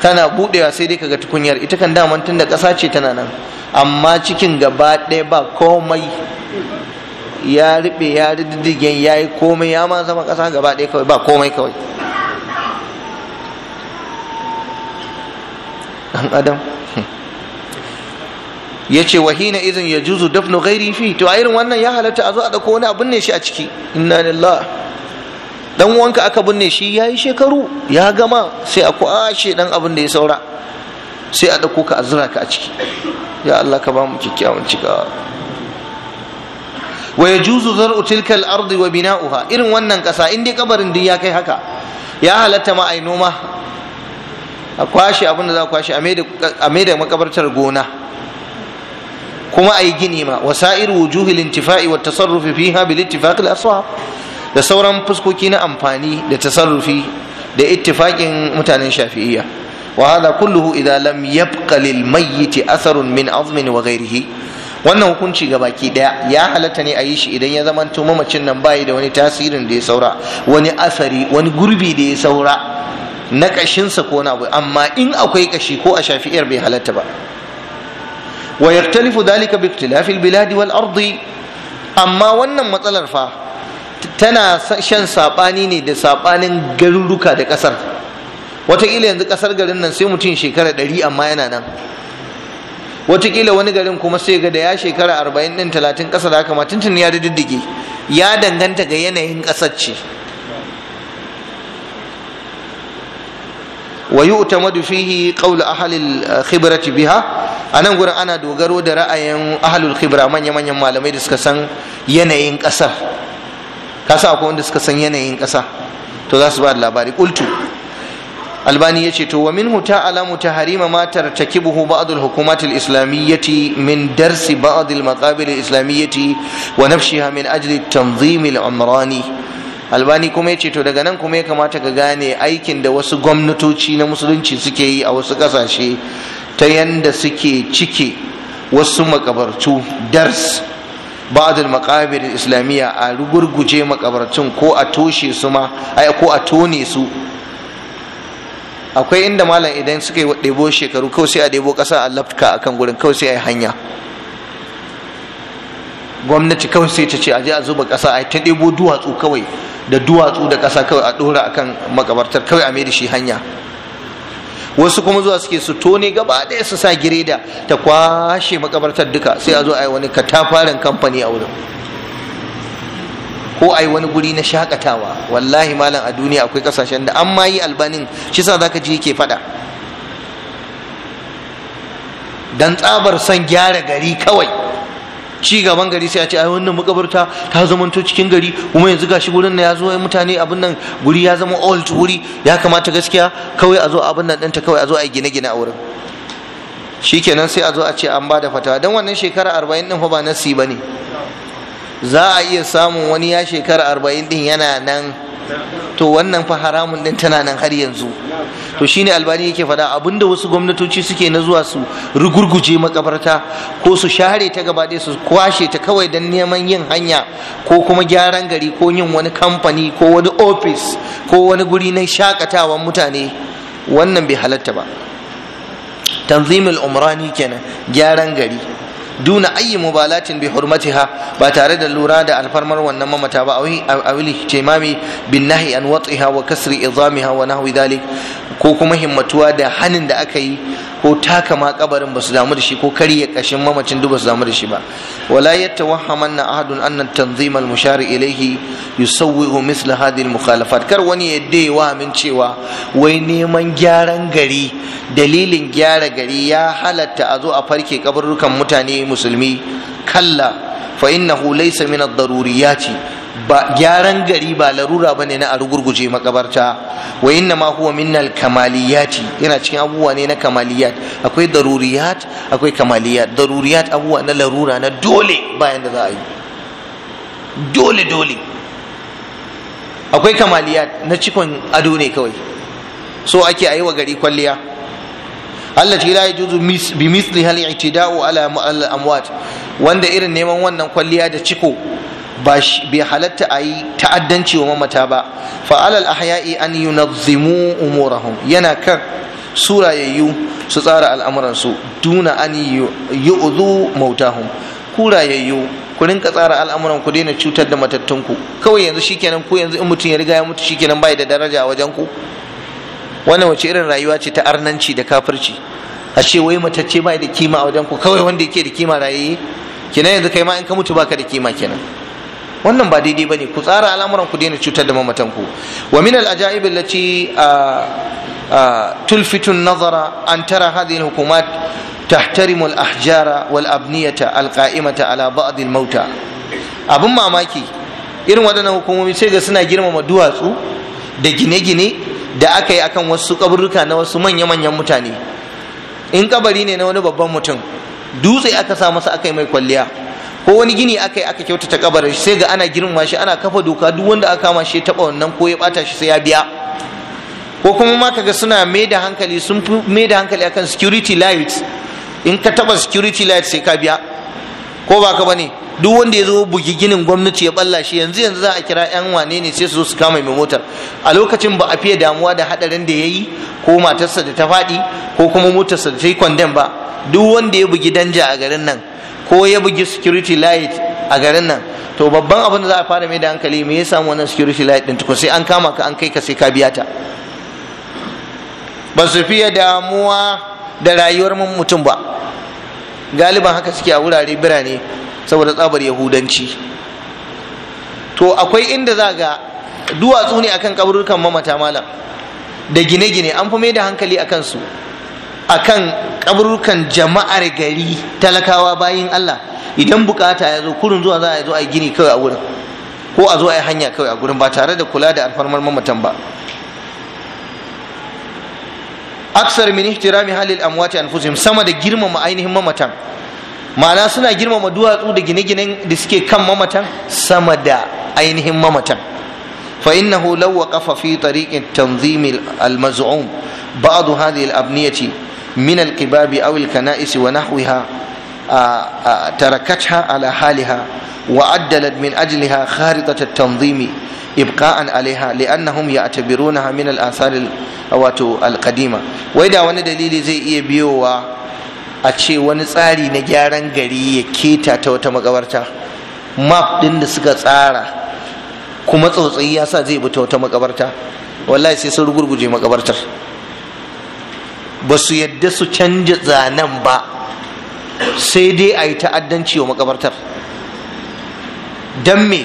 kana buɗewa sai dai ka ga tukunyar ita kan daman tun da ƙasa ce tana nan amma cikin gaba ɗaya ba komai ya riɓe ya rididdigen ya yi komai ya ma zama ƙasa gaba ɗaya kawai ba komai kawai ɗan adam [laughs] ya ce wahina izin ya juzu dafnu gairi fi to a irin wannan ya halatta a zo a ɗauko wani a binne shi a ciki inna lillah dan wanka aka binne shi ya yi shekaru ya gama sai a ashe dan abin da ya saura sai a ɗauko ka a ka a ciki ya Allah ka ba mu kyakkyawan cikawa wa yajuzu zar'u tilka al wa bina'uha irin wannan kasa in dai kabarin din ya kai haka ya halatta ma ai noma a kwashe abin da za a kwashe a mai da makabartar gona kuma a yi gini ma wasa'ir wujuhi lintifa'i wa tasarrufi fiha bil ittifaq al da sauran fuskoki na amfani da tasarrufi da ittifaƙin mutanen shafi'iyya wa hadha kulluhu idza lam yabqa lil mayyit atharun min azmin wa ghairihi wannan hukunci ga baki daya ya halatta ne a yi shi idan ya zamanto mamacin nan bayi da wani tasirin da ya saura wani asari wani gurbi da ya saura na kashinsa ko na abu amma in akwai kashi ko a shafi'iyar bai halatta ba wa yaktalifu dalika bi ikhtilafi al wal ardi amma wannan matsalar fa tana shan sabani ne da sabanin garuruka da kasar wataƙila yanzu kasar garin nan sai mutum shekara ɗari amma yana nan watakila wani garin kuma sai ga da ya shekara arba'in ɗin talatin ƙasa da haka ma tuntun ya diddige ya danganta ga yanayin ƙasar ce wa yu'tamadu fihi qawl ahlil eh, khibrati biha a nan gurin ana dogaro da ra'ayin ahlul khibra manya manyan malamai da suka san yanayin ƙasar kasa akwai wanda suka san yanayin ƙasa to za su ba da labari ƙultu albani ya ce to wa minhu ta Harima ma tartakibuhu ba'd al-hukumat al-islamiyyati min darsi ba'd al islamiyyati wa nafshiha min ajli tanzimil umrani albani kuma ya ce to daga nan kuma ya kamata ka gane aikin da wasu gwamnatoci na musulunci suke yi a wasu kasashe ta yanda suke cike wasu makabartu dars ba'd maqabir islamiyya a rugurguje makabartun ko a toshe su ma ko a tone su akwai inda malam idan suka yi ɗebo shekaru kawai sai a ɗebo ƙasa a lafka a kan gurin kawai sai a yi hanya gwamnati kawai sai ta ce a je a zuba ƙasa a ta ɗebo duwatsu kawai da duwatsu da ƙasa kawai a ɗora a kan makabartar kawai a mai da shi hanya wasu kuma zuwa suke su tone gaba ɗaya su sa gireda ta kwashe makabartar duka sai a zo a yi wani katafaren kamfani a wurin ko ai wani guri na shakatawa wallahi malam a duniya akwai kasashen da an ma yi albanin shi sa zaka ji yake fada dan tsabar son gyara gari kawai ci gaban gari sai a ce ai wannan makabarta ta zamanto cikin gari kuma yanzu gashi gurin nan ya zo mutane abin nan guri ya zama old wuri ya kamata gaskiya kawai a zo abin nan ɗanta kawai a zo a gine-gine a wurin shikenan sai a zo a ce an ba da fatawa don wannan shekara arba'in ɗin fa ba nasi ba ne za a iya samun wani ya shekara arba'in din yana nan to wannan fa haramun din tana nan har yanzu to shine albani yake faɗa abinda wasu gwamnatoci suke na zuwa su rugurguje makabarta ko su share ta gaba su kwashe ta kawai don neman yin hanya ko kuma gyaran gari ko yin wani kamfani ko wani ofis ko wani guri na shakatawan mutane wannan bai halatta ba tanzimul umrani kenan gyaran gari duna ayyi mubalatin bi hurmatiha ba tare da lura da alfarmar wannan mamata ba a wili timami bin nahi an watsiha wa kasri izamiha wa nahwi dhalik ko kuma himmatuwa da hanin da aka yi ko taka ma kabarin ba su damu da shi ko karya kashin mamacin duk ba su damu da shi ba wala yatawahhamanna ahadun anna tanzim al mushari ilayhi yusawwihu misla hadhihi al mukhalafat kar wani ya dewa min cewa wai neman gyaran gari dalilin gyara gari ya halatta a zo a farke kabarrukan mutane musulmi kalla fa innahu laysa min ad-daruriyati ba gyaran gari ba larura ba ne na a rugurguje makabarta wa inna ma huwa al kamaliyati yana cikin abubuwa ne na kamaliyat akwai daruriyat akwai kamaliyat daruriyat abubuwa na larura na dole bayan da za a yi dole dole akwai kamaliyat na cikon ado ne kawai so ake a yi wa gari kwalliya allati la yajuzu bi misli hal itidau ala al-amwat wanda irin neman wannan kwalliya da ciko ba bai halatta a yi ta'addanci wa mamata ba Fa fa'alal ahya'i an yunazzimu umurahum yana kan surayayyu su tsara al'amuransu duna an yu'zu mautahum kurayayyu ku rinka tsara al'amuran ku daina cutar da ku. kawai yanzu shikenan ku yanzu in mutum ya riga ya mutu shikenan bai da daraja a wajen ku wannan wace irin rayuwa ce ta arnanci da kafirci a ce wai matacce bai da kima a wajen ku kawai wanda yake da kima rayuwa? kenan yanzu kai ma in ka mutu baka da kima kenan wannan ba daidai bane ku tsara al'amuran ku daina cutar da mamatan ku wa min al ajaib allati تلفت النظر أن ترى ahjara wal abniyata الأحجار والأبنية القائمة على بعض mauta. abin mamaki irin waɗannan hukumomi sai ga suna girmama duwatsu da gine-gine da aka yi akan wasu kaburruka na wasu manya-manyan mutane in kabari ne na wani babban mutum dutse aka sa masa aka yi mai kwalliya ko wani gini aka yi aka kyautata kabarin shi sai ga ana girma shi ana kafa doka duk wanda aka kama shi taba wannan ko ya bata shi sai ya biya ko kuma ma kaga suna mai da hankali sun fi mai da hankali akan security lights in ka taba security lights sai ka biya ko ba ka bane duk wanda ya zo bugi ginin gwamnati ya balla shi yanzu yanzu za a kira yan wane ne sai su zo su kama mai motar a lokacin ba a fiye damuwa da hadarin da ya yi ko matarsa da ta faɗi ko kuma motarsa da ta yi kwandon ba duk wanda ya bugi danja a garin nan ko ya bugi security light a garin nan to babban abin da za a fara mai da hankali me ya samu wannan security light din tukun sai an kama ka an kai ka sai ka biya ta ba su fiye damuwa da rayuwar mutum ba galiban haka suke a wurare birane saboda tsabar yahudanci to akwai inda za ga duwatsu ne akan kaburukan mamata malam da gine-gine an fi mai da hankali a kansu a kaburukan jama'ar gari talakawa bayan Allah idan bukata ya zo kurin zuwa za a zo a gini kawai a wurin ko a zo a yi hanya kawai a gurin ba tare da kula da alfarmar mamatan ba aksar min ihtirami halil amwati anfusihim sama da girmama ainihin mamatan ma'ana suna girmama duwatsu da gine-ginen da suke kan mamatan sama da ainihin mamatan fa innahu law waqafa fi tariqi tanzim al-maz'um ba'd hadhihi al-abniyati min al-qibab aw al-kana'is wa nahwiha tarakatha ala haliha وعدلت من أجلها خارطة التنظيم إبقاء عليها لأنهم يعتبرونها من الآثار القديمة وإذا وانا دليل زي إيه A ce wani tsari na gyaran gari ya keta ta wata makabarta map din da suka tsara kuma tsotsayi ya sa zai bi ta wata makabarta wallahi sai sun gurguje makabartar ba su yadda su canza zanen ba sai dai a yi ta'addanci wa makabartar don me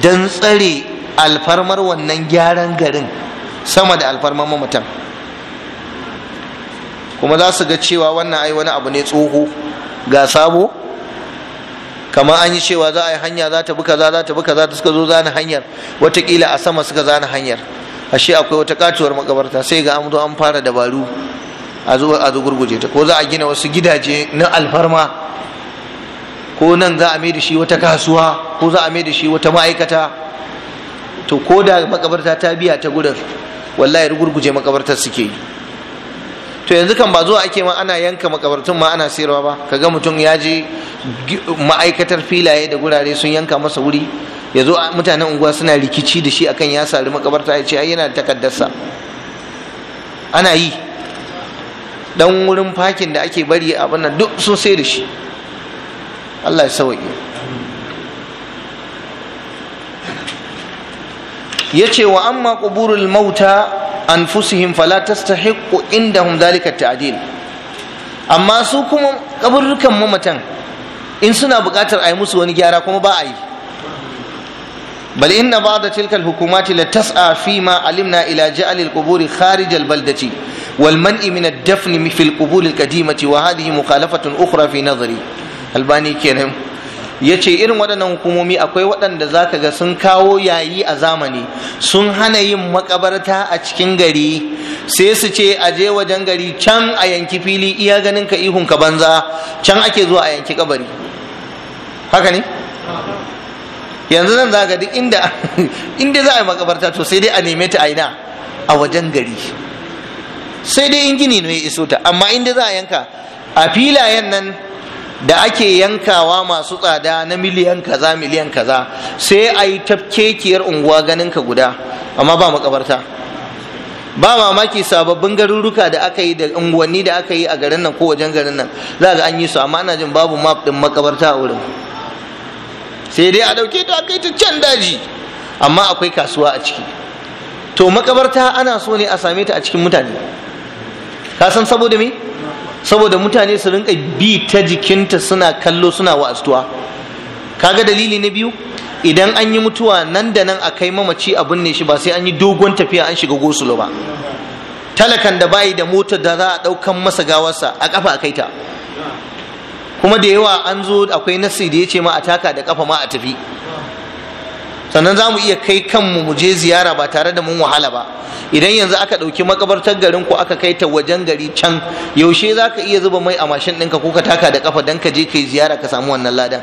don tsare alfarmar wannan gyaran garin sama da alfarmar mamatan kuma za su ga cewa wannan ai wani abu ne tsoho ga sabo kamar an yi cewa za a yi hanya za ta bi kaza za ta bi kaza suka zo zana hanyar watakila a sama suka zana hanyar ashe akwai wata katuwar makabarta sai ga an an fara dabaru a zo a zo gurguje ta ko za a gina wasu gidaje na alfarma ko nan za a mai da shi wata kasuwa ko za a mai da shi wata ma'aikata to ko da makabarta ta biya ta gurin wallahi rugurguje makabartar suke yi to yanzu kan ba zuwa ake ma ana yanka makabartun ma ana sayarwa ba kaga mutum ya je ma'aikatar filaye da gurare sun yanka masa wuri ya zo mutanen unguwa suna rikici da shi akan ya sari makabarta ya ce ai yana takaddarsa ana yi dan wurin fakin da ake bari a wannan duk sun sai da shi Allah ya sauke yace wa amma quburul mauta anfusihim fala tastahiqu indahum dhalika ta'dil amma su kuma kaburrukan mamatan in suna buƙatar a yi musu wani gyara kuma ba a yi bal inna ba'da tilka al-hukumati la tas'a fi ma alimna ila ja'al al-quburi kharij al-baldati wal man'i min ad-dafn fi al-qubur wa hadhihi mukhalafatun ukhra fi nadhari albani kenan ya ce irin waɗannan hukumomi akwai waɗanda za ka ga sun kawo yayi a zamani sun hana yin makabarta a cikin gari sai su ce a je wajen gari can a yanki fili iya ganin ka ihun ka banza can ake zuwa a yanki kabari haka ne yanzu nan za ga duk inda [laughs] inda za a yi makabarta to sai dai a neme ta aina a wajen gari sai dai in gini ne ya iso ta amma inda za a yanka a filayen nan da ake yankawa masu tsada na miliyan kaza miliyan kaza sai a yi tafkekiyar unguwa ganin ka guda amma ba makabarta ba mamaki sababbin garuruka da aka yi da unguwanni da aka yi a garin nan ko wajen garin nan za ga an yi su amma ana jin babu map din makabarta a wurin sai dai a dauke ta kai ta can daji amma akwai kasuwa a ciki to makabarta ana so ne a same ta a cikin mutane ka san saboda me saboda mutane su rinka bi ta jikinta suna kallo suna wa'astuwa kaga dalili na biyu idan an yi mutuwa nan da nan a kai mamaci abin binne shi ba sai an yi dogon tafiya an shiga gosulo ba talakan da bayi da mota da za a ɗaukan masa gawarsa a kafa a kai ta kuma da yawa an zo akwai nasi da ya ce ma a taka da kafa ma a tafi sannan za mu iya kai kanmu mu je ziyara ba tare da mun wahala ba idan yanzu aka ɗauki makabartar garin ku aka kai ta wajen gari can yaushe za ka iya zuba mai a mashin ɗinka ko ka taka da ƙafa don ka je ka yi ziyara ka samu wannan ladan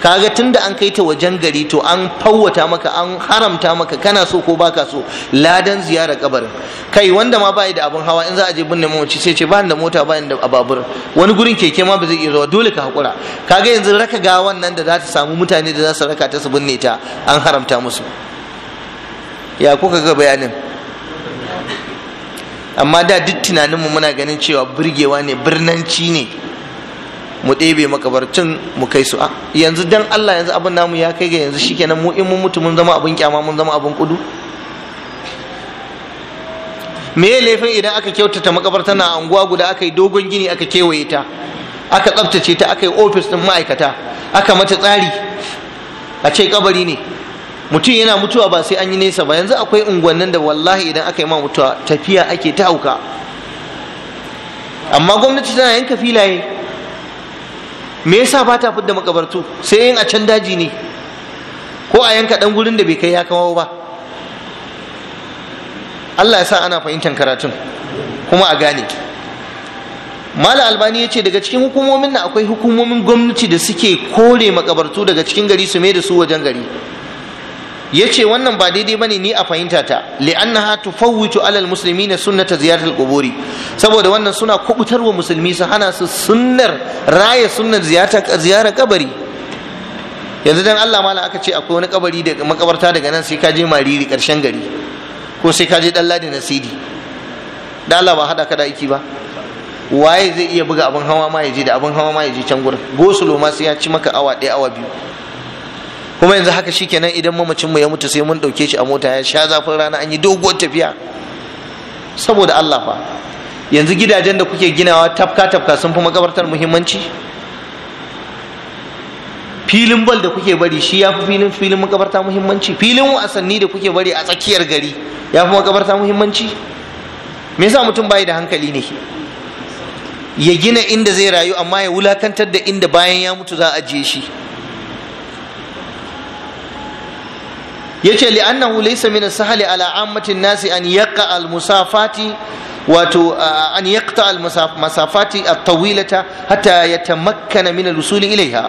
kaga tun da an kai ta wajen gari to an fawwata maka an haramta maka kana so ko baka so ladan ziyara kabarin kai wanda ma bai da abin hawa in za a je binne mamaci sai ce ba da mota ba da ababur. wani gurin keke ma ba zai iya zuwa dole ka haƙura kaga yanzu raka gawa wannan da za ta samu mutane da za su raka ta su binne ta an haramta rubuta musu ya kuka ga bayanin amma da duk tunaninmu muna ganin cewa birgewa ne birnanci ne mu ɗebe makabartun mu kai su yanzu dan Allah yanzu abin namu ya kai ga yanzu shikenan mu in mun mutu mun zama abin kyama mun zama abin kudu me ya laifin idan aka kyautata makabarta na anguwa guda aka yi dogon gini aka kewaye ta aka tsabtace ta aka yi ofis ɗin ma'aikata aka mata tsari a ce kabari ne mutum yana mutuwa ba sai an yi nesa ba yanzu akwai unguwannin da wallahi idan aka yi ma mutuwa tafiya ake ta hauka amma gwamnati tana yanka filaye me yasa ba ta fidda makabartu sai yin a can daji ne ko a yanka dan gurin da bai kai ya kawo ba Allah ya sa ana fahimtar karatun kuma a gane mala albani ya ce daga cikin hukumomin na akwai hukumomin gwamnati da suke kore makabartu daga cikin gari su mai da su wajen gari Ya ce wannan ba daidai bane ni a fahimta ta li'annaha fawwitu alal musulmi na sunnata ziyartar quburi saboda wannan suna kubutar wa musulmi su hana su sunnar raya sunnar ziyarar kabari yanzu dan Allah mala aka ce akwai wani kabari da makabarta daga nan sai ka je mariri karshen gari ko sai ka je dalladi nasidi da Allah ba hada ka da aiki ba waye zai iya buga abin hawa ma ya je da abin hawa ma ya je can gurin gosulo ma sai ya ci maka awa ɗaya awa biyu kuma yanzu haka shikenan idan mamacin mu ya mutu sai mun dauke shi a mota ya sha zafin rana an yi doguwar tafiya saboda Allah fa yanzu gidajen da kuke ginawa tafka tafka sun fi makabartar muhimmanci filin bal da kuke bari shi ya fi filin filin makabarta muhimmanci filin wasanni da kuke bari a tsakiyar gari ya fi makabarta muhimmanci me yasa mutum bai da hankali ne ya gina inda zai rayu amma ya wulakantar da inda bayan ya mutu za a ajiye shi yace li'annahu laysa min as-sahli ala ammatin nasi an yaqa al-musafati wato an yakta al masafati at tawilata hatta yatamakkana min al usul ilaiha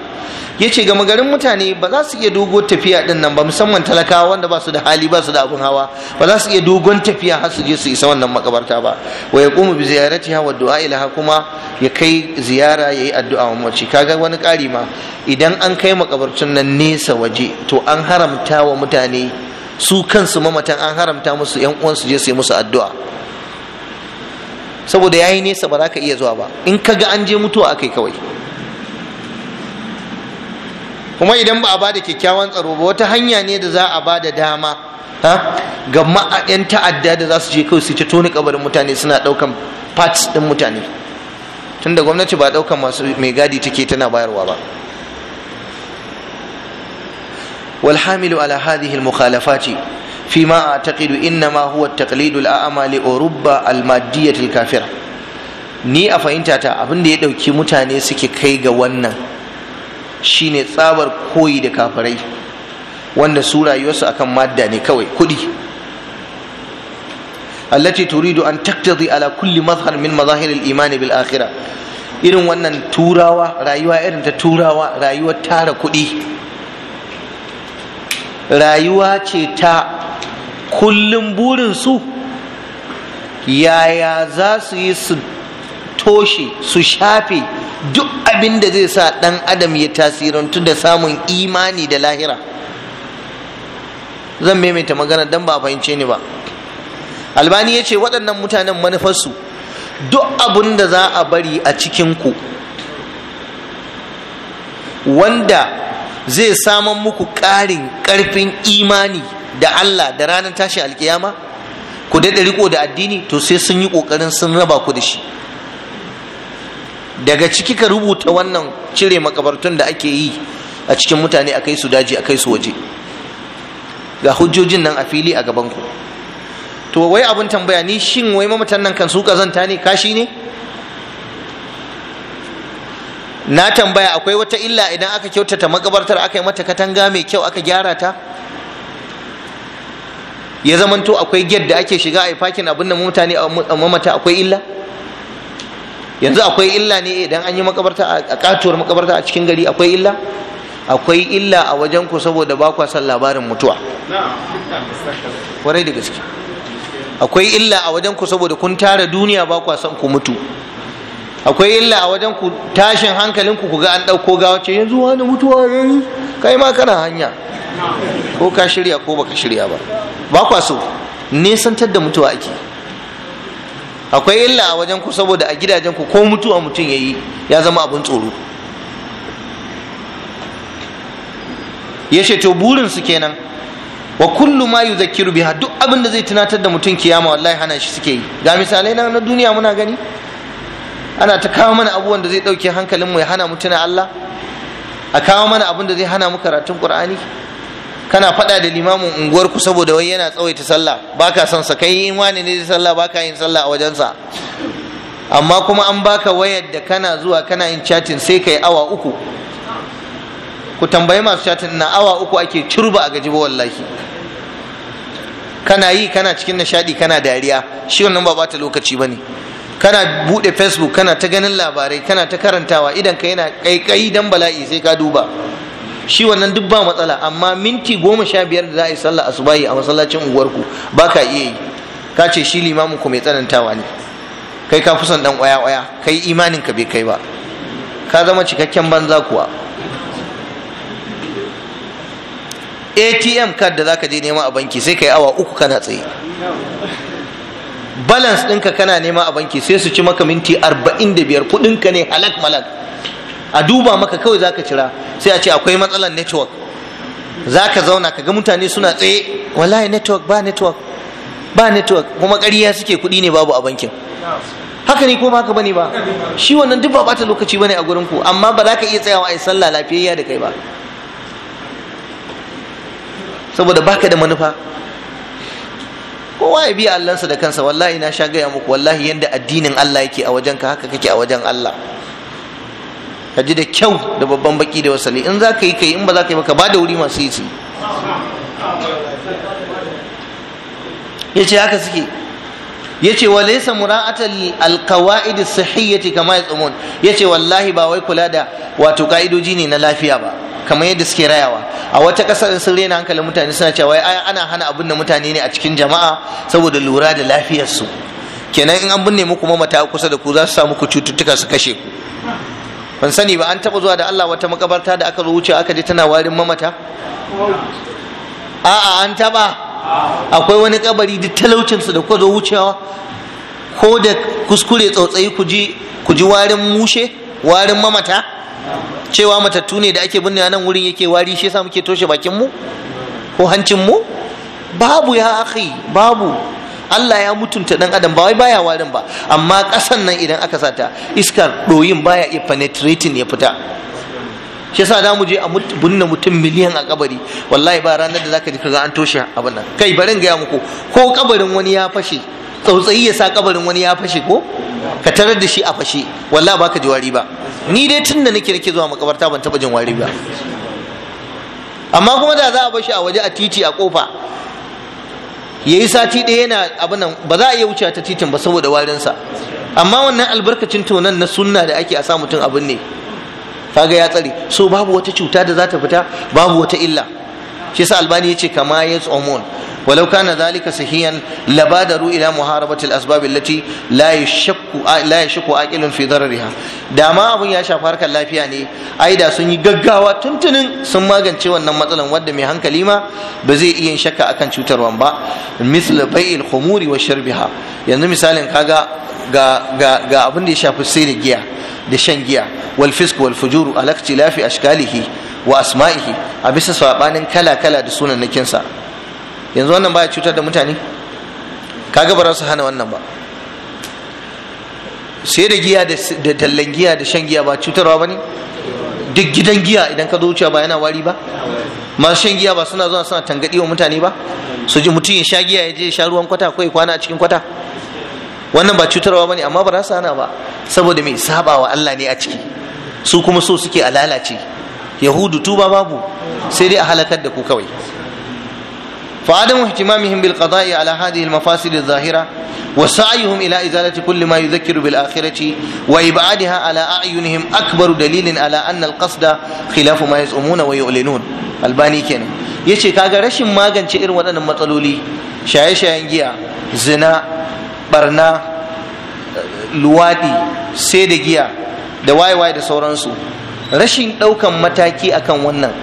yace gama garin mutane ba za su iya dogo tafiya din nan ba musamman talakawa wanda ba su da hali ba su da abun hawa ba za su iya dogon tafiya har su je su isa wannan makabarta ba wa ya kuma bi ziyaratiha wa du'a ilaha kuma ya kai ziyara yayi addu'a wa mace kaga wani ƙari ma idan an kai makabarcin nan nesa waje to an haramta wa mutane su kansu mamatan an haramta musu yan uwansu je su yi musu addu'a saboda yayi nesa ba za ka iya zuwa ba in ka ga an je mutuwa a yi kawai kuma idan ba a ba da kyakkyawan tsaro ba wata hanya ne da za a ba da dama ga ma'ayan ta'adda da za su je kawai su ta toni kabarin mutane suna daukan parts ɗin mutane tunda gwamnati ba ɗaukan masu mai gadi take tana bayarwa ba والحامل على هذه المخالفات فيما أعتقد إنما هو التقليد الأعمى لأوروبا المادية الكافرة ni a fahimta ta abin da ya ɗauki mutane suke kai ga wannan shine tsabar koyi da kafirai wanda su rayuwarsu akan madda ne kawai kuɗi allati turidu an taktadi ala kulli mazhar min mazahir al-imani bil irin wannan turawa rayuwa irin ta turawa rayuwar tara kuɗi rayuwa ce ta kullum burinsu yaya za su yi su toshe su shafe duk abin da zai sa ɗan adam ya tasirantu da samun imani da lahira zan maimaita magana don ba fahimce ni ba albani ya ce waɗannan mutanen manufarsu duk abin da za a bari a cikinku wanda zai saman muku ƙarin ƙarfin imani da Allah da ranar tashi alkiyama ku daɗa riko da addini to sai sun yi ƙoƙarin sun raba ku da shi daga ciki ka rubuta wannan cire makabartun da ake yi a cikin mutane a kai su daji a kai su waje ga hujjojin nan a fili a gabanku to wai abin tambaya ni shin wai mamatan nan kan su kazanta ne kashi ne na tambaya akwai wata illa idan aka kyautata makabartar aka yi mata katanga mai kyau aka gyara ta ya zamanto akwai gyar da ake shiga a yi fakin abin da mutane a mamata akwai illa yanzu akwai illa ne idan an yi makabarta a katuwar makabarta a cikin gari akwai illa akwai illa a wajen ku saboda ba kwa san labarin mutuwa kwarai da gaske akwai illa a wajen ku saboda kun tara duniya ba kwa san ku mutu akwai illa a wajen ku tashin hankalin ku ga an ɗauko gawa ce yanzu wani mutuwa yayi kai ma kana hanya ko ka shirya ko baka shirya ba ba kwa so nisantar da mutuwa ake akwai illa a wajen ku saboda a gidajen ku ko mutuwa mutum yayi ya zama abin tsoro ya ce to burin su kenan wa kullu ma yuzakkiru biha duk abin da zai tunatar da mutum kiyama wallahi hana shi suke yi ga misalai na duniya muna gani ana ta kawo mana abubuwan da zai ɗauke hankalinmu ya hana mu tuna Allah a kawo mana abin da zai hana mu karatun Qur'ani kana faɗa da limamin unguwarku saboda wai yana tsawaita sallah baka son sa kai wani ne da sallah baka yin sallah a wajensa amma kuma an baka wayar da kana zuwa kana yin chatin sai kai awa uku ku tambayi masu chatin na awa uku ake curba a gaji wallahi kana yi kana cikin nishadi kana dariya shi wannan ba bata lokaci bane kana bude facebook kana ta ganin labarai kana ta karantawa idan ka yana kaikai dan bala'i sai ka duba shi wannan duk ba matsala amma minti goma sha biyar da za a yi sallah asubahi a masallacin unguwarku ba ka iya yi ka ce shi limamin ku mai tsanantawa ne kai ka fusan dan waya-waya kai imanin ka bai kai ba ka zama cikakken banza kuwa atm card da za ka je nema a banki sai ka yi awa uku kana tsaye balance ɗinka kana nema a banki sai su ci maka minti 45 kuɗinka ne halak malak a duba maka kawai za ka cira sai a ce akwai matsalar network Za ka zauna ka ga mutane suna tsaye wallahi network ba network ba network kuma ƙarya suke kuɗi ne babu a bankin haka ne ko ba haka bane ba shi wannan duk ba bata lokaci bane a gurin ku amma ba za ka iya tsayawa a yi sallah lafiyayya da kai ba saboda baka da manufa kowa ya biya allansa da kansa wallahi na sha gaya muku wallahi yanda addinin Allah yake a wajen ka haka kake a wajen Allah ka ji da kyau da babban baki da wasanni, in za ka yi kai in ba za ka yi ba ka ba da wuri masu yi ya ce haka suke ya ce wa laisa alkawa idis sahiyyati sahhiyyati kama yatsumun ya ce wallahi ba wai kula da wato ka'idoji ne na lafiya ba kamar yadda suke rayawa a wata kasar sun rena hankalin mutane suna cewa ana hana abin da mutane ne a cikin jama'a saboda lura da lafiyarsu kenan in an binne muku mamata kusa da ku za su samu ku cututtuka su kashe ku ban sani ba an taba zuwa da Allah wata makabarta da aka zo wuce aka je tana warin mamata a'a an taba akwai wani kabari duk talaucinsu da kuka zo wucewa ko da kuskure tsautsayi ku ji warin mushe warin mamata cewa matattu ne da ake binne a nan wurin yake wari shi yasa muke toshe bakin mu ko hancin mu babu ya akhi babu Allah ya mutunta dan adam ba wai baya warin ba amma kasan nan idan aka sata iskar doyin baya iya penetrating ya fita shi yasa da mu je a binne mutum miliyan a kabari wallahi ba ranar da zaka ji kaga an toshe abin nan kai barin ga muku ko kabarin wani ya fashe tsautsayi ya sa kabarin wani ya fashe ko ka tarar da shi a fashe wallahi baka ji wari ba ni dai tun da nake nake zuwa makabarta ban taba jin wari ba amma kuma da za a bashi a waje a titi a kofa yayi sati ɗaya yana abin nan ba za a iya wuce ta titin ba saboda sa amma wannan albarkacin tonan na sunna da ake a sa mutum abin ne kaga ya tsare so babu wata cuta da za ta fita babu wata illa shi sa albani ya ce kama yasumun walau kana zalika sahihan labadaru ila muharabatul asbab allati la yashakku la yashku aqilun fi darariha da ma abun ya shafi harkar lafiya ne ai da sun yi gaggawa tuntunin sun magance wannan matsalan wanda mai hankali ma ba zai iya shakka akan cutarwan ba misl bai'il khumuri wa sharbiha yanzu misalin kaga ga ga ga abin da ya shafi sirri giya da shan giya wal fisk wal fujur al ashkalihi wa asma'ihi a bisa sabanin kala kala da sunannakinsa yanzu wannan baya cutar da mutane kaga ba su hana wannan ba sai da giya da tallan giya da shan giya ba cutarwa ba ne duk gidan giya idan ka zo wucewa ba yana wari ba masu shan giya ba suna zuwa suna tangadi wa mutane ba su ji mutum ya sha giya ya je ya sha ruwan kwata ko ya kwana a cikin kwata wannan ba cutarwa ba ne amma ba za su hana ba saboda mai saba wa Allah ne a ciki su kuma so suke a lalace yahudu tuba babu sai dai a halakar da ku kawai fa adam ihtimamihim bil qada'i ala hadhihi al mafasid zahira wasu ayyuhun ila izalati kulli ma yudhakkiru bil akhirati wa ib'adiha ala a'yunihim akbaru dalilin ala kasda? al qasda khilafu ma yaz'umuna wa yu'linun albani kenan yace kaga rashin magance irin waɗannan matsaloli shaye-shayen giya zina barna luwadi sai da giya da waye-waye da sauransu rashin ɗaukan mataki akan wannan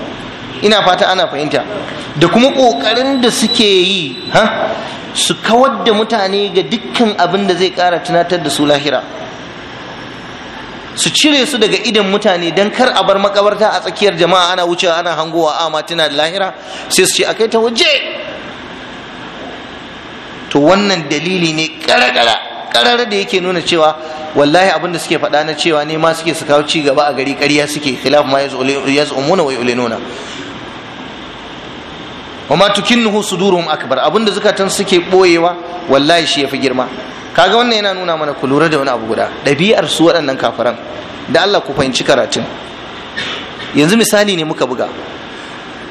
ina fata ana fahimta da kuma ƙoƙarin da suke yi ha su kawar da mutane ga dukkan abin da zai ƙara tunatar da su lahira su cire su daga idan mutane don kar a bar makabarta a tsakiyar jama'a ana wucewa ana hangowa a ma tuna da lahira sai su ce a kai ta waje to wannan dalili ne ƙara. karar da yake nuna cewa wallahi abin da suke faɗa na cewa ne ma suke su kawo ci gaba a gari ƙarya suke khilaf ma yaz'umuna wa yu'linuna wa ma tukinnuhu sudurum akbar abin da zakatan suke boyewa wallahi shi yafi girma kaga wannan yana nuna mana kulura lura da wani abu guda ɗabi'ar su waɗannan kafiran da Allah ku fahimci karatun yanzu misali ne muka buga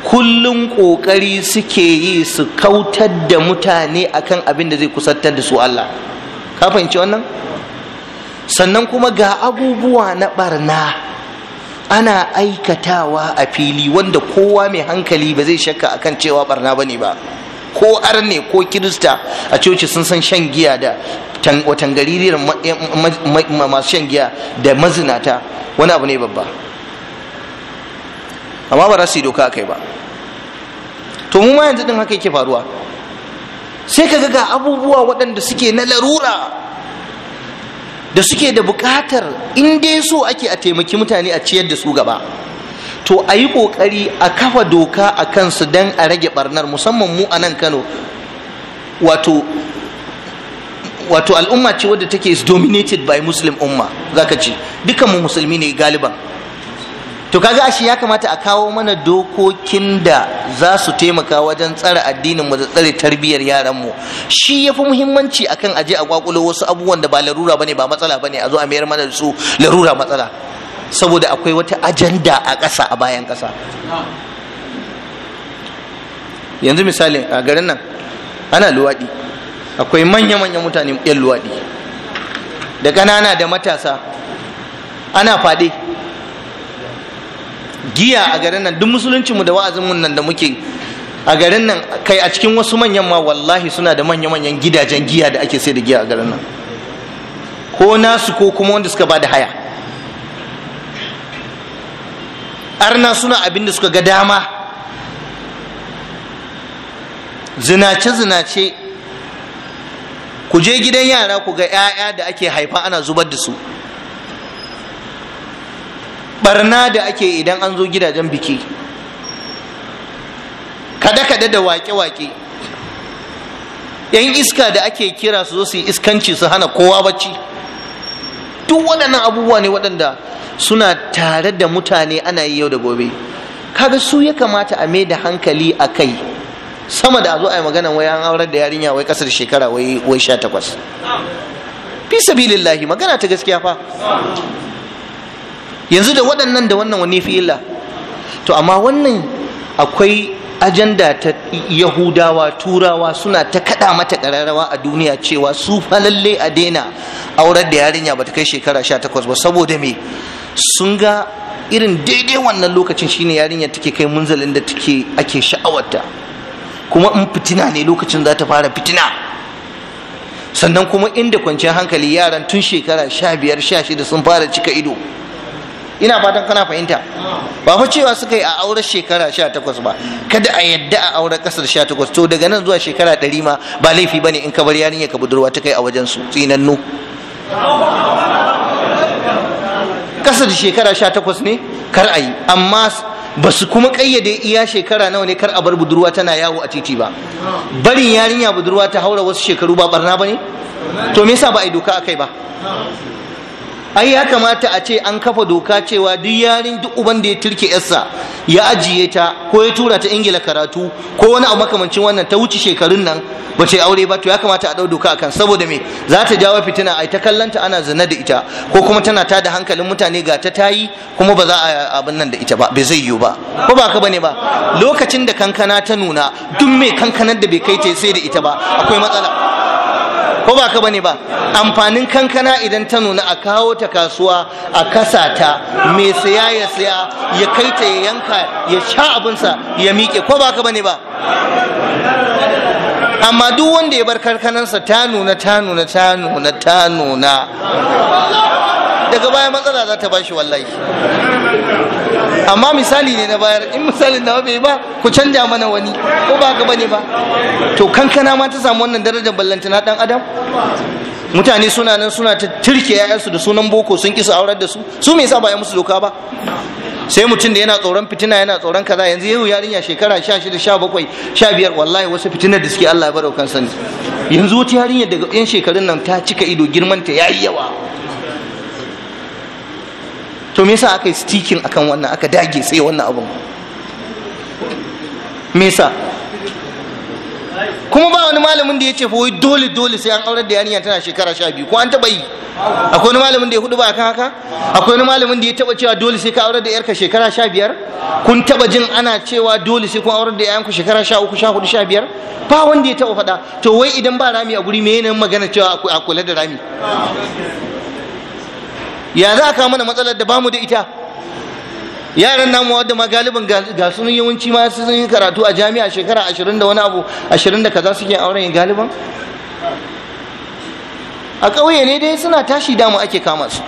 kullum kokari suke yi su kautar da mutane akan abin da zai kusantar da su Allah ka fahimci wannan sannan kuma ga abubuwa na barna ana aikatawa a fili wanda kowa mai hankali ba zai shakka akan cewa barna bane ba ko arne ko kirista a coci sun san shan giya da watan eh, masu shan giya da mazinata wani abu ne babba amma ba za su yi doka kai ba to mu ma yanzu din haka yake faruwa sai ka ga abubuwa waɗanda suke na larura da suke da buƙatar in dai so ake a taimaki mutane a ciyar da su gaba to a yi ƙoƙari a kafa doka a kansu don a rage barnar musamman mu a nan kano wato al'umma ce wadda take dominated by muslim umma zaka ce dukkanmu musulmi ne galiban to kaga ashe ya kamata a kawo mana dokokin da za su taimaka wajen tsara addinin mu da tsare tarbiyyar yaran mu shi yafi muhimmanci akan aje a kwakulo wasu abubuwan da ba larura bane ba matsala bane a zo a mayar mana da su larura matsala saboda akwai wata ajanda a ƙasa a bayan ƙasa yanzu misali a garin nan ana luwaɗi akwai manya-manyan mutane yan luwaɗi da ƙanana da matasa ana fade. giya a garin nan duk mu da wa'azinmu nan da muke a garin nan kai a cikin wasu manyan ma wallahi suna da manya-manyan gidajen giya da ake sai da giya a garin nan ko nasu ko kuma wanda suka ba da haya arna suna abin da suka ga dama zinace-zinace ku je gidan yara ku ga 'ya'ya da ake haifa ana zubar da su barna da ake idan an zo gidajen biki kada-kada da wake-wake yan iska da ake kira su zo su iskanci su hana kowa bacci duk waɗannan abubuwa ne waɗanda suna tare da mutane ana yi yau da gobe kaga su ya kamata a mai da hankali a kai sama da a zo a yi magana wai an aurar da yarinya wai kasar shekara wai sha takwas fi sabilillahi magana ta gaskiya fa yanzu da waɗannan da wannan wani fi illa to amma wannan akwai ajanda ta yahudawa turawa suna ta kaɗa mata ƙararrawa a duniya cewa su fa a daina aurar da yarinya ba ta kai shekara 18 ba saboda me sun ga irin daidai wannan lokacin shine yarinya take kai munzalin da take ake sha'awarta kuma in fitina ne lokacin za ta fara fitina sannan kuma inda kwanciyar hankali yaran tun shekara sha biyar sha shida sun fara cika ido ina fatan kana fahimta ba fa cewa suka yi a auren shekara 18 ba kada a yadda a auren kasar 18 to daga nan zuwa shekara 100 ma ba laifi bane in ka bar yarinya ka budurwa ta kai a wajen su tsinannu kasar shekara 18 ne kar a yi amma ba su kuma kayyade iya shekara nawa ne kar a bar budurwa tana yawo a titi ba barin yarinya budurwa ta haura wasu shekaru ba barna ba ne to me yasa ba a yi doka akai ba ai ya kamata a ce an kafa doka cewa duk yarin duk uban da ya turke yarsa ya ajiye ta ko ya tura ta ingila karatu ko wani abu makamancin wannan ta wuce shekarun nan ba ce aure ba to ya kamata a ɗau doka akan saboda me za ta jawo fitina ai ta kallanta ana zina da ita ko kuma tana ta da hankalin mutane ga ta tayi kuma ba za a abin nan da ita ba bai zai yiwu ba ko ba ka bane ba lokacin da kankana ta nuna duk mai kankanar da bai kai ta sai da ita ba akwai matsala ko ba ka bane ba amfanin kankana idan ta nuna a kawo ta kasuwa a kasa ta mai saya ya saya ya kai ta ya yanka ya sha abinsa ya miƙe ko ba ka bane ba amma duk wanda ya bar karkanansa ta nuna ta nuna ta nuna ta nuna daga baya matsala za ta bashi wallahi amma misali ne na bayar in misalin da bai ba ku canja mana wani ko ba gaba ne ba to kankana ma ta samu wannan darajar na dan adam mutane suna nan suna ta turke yayansu da sunan boko sun kisa aurar da su su me yasa ba ya musu doka ba sai mutum da yana tsoron fitina yana tsoron kaza yanzu yau yarinya shekara sha shida sha bakwai sha biyar wallahi wasu fitinar da suke Allah ya barau kan sani yanzu wata yarinya daga yan shekarun nan ta cika ido girman ta yi yawa to me yasa aka yi stikin akan wannan aka dage sai wannan abun me yasa kuma ba wani malamin da ya ce fa wai dole dole sai an aurar da yaniya tana shekara sha biyu ko an taba yi akwai wani malamin da ya hudu ba akan haka akwai wani malamin da ya taba cewa dole sai ka aurar da yarka shekara sha biyar kun taba jin ana cewa dole sai kun aurar da 'yanku shekara sha uku sha hudu sha biyar ba wanda ya taba faɗa to wai idan ba rami a guri me yanayin magana cewa a kula da rami ya za a kawo mana matsalar da ba mu da ita yaran namu wadda ma galibin ga sunan yawanci ma sun yi karatu a jami'a shekara ashirin da wani abu ashirin da kaza suke auren galiban a ƙauye ne dai suna tashi dama ake kama su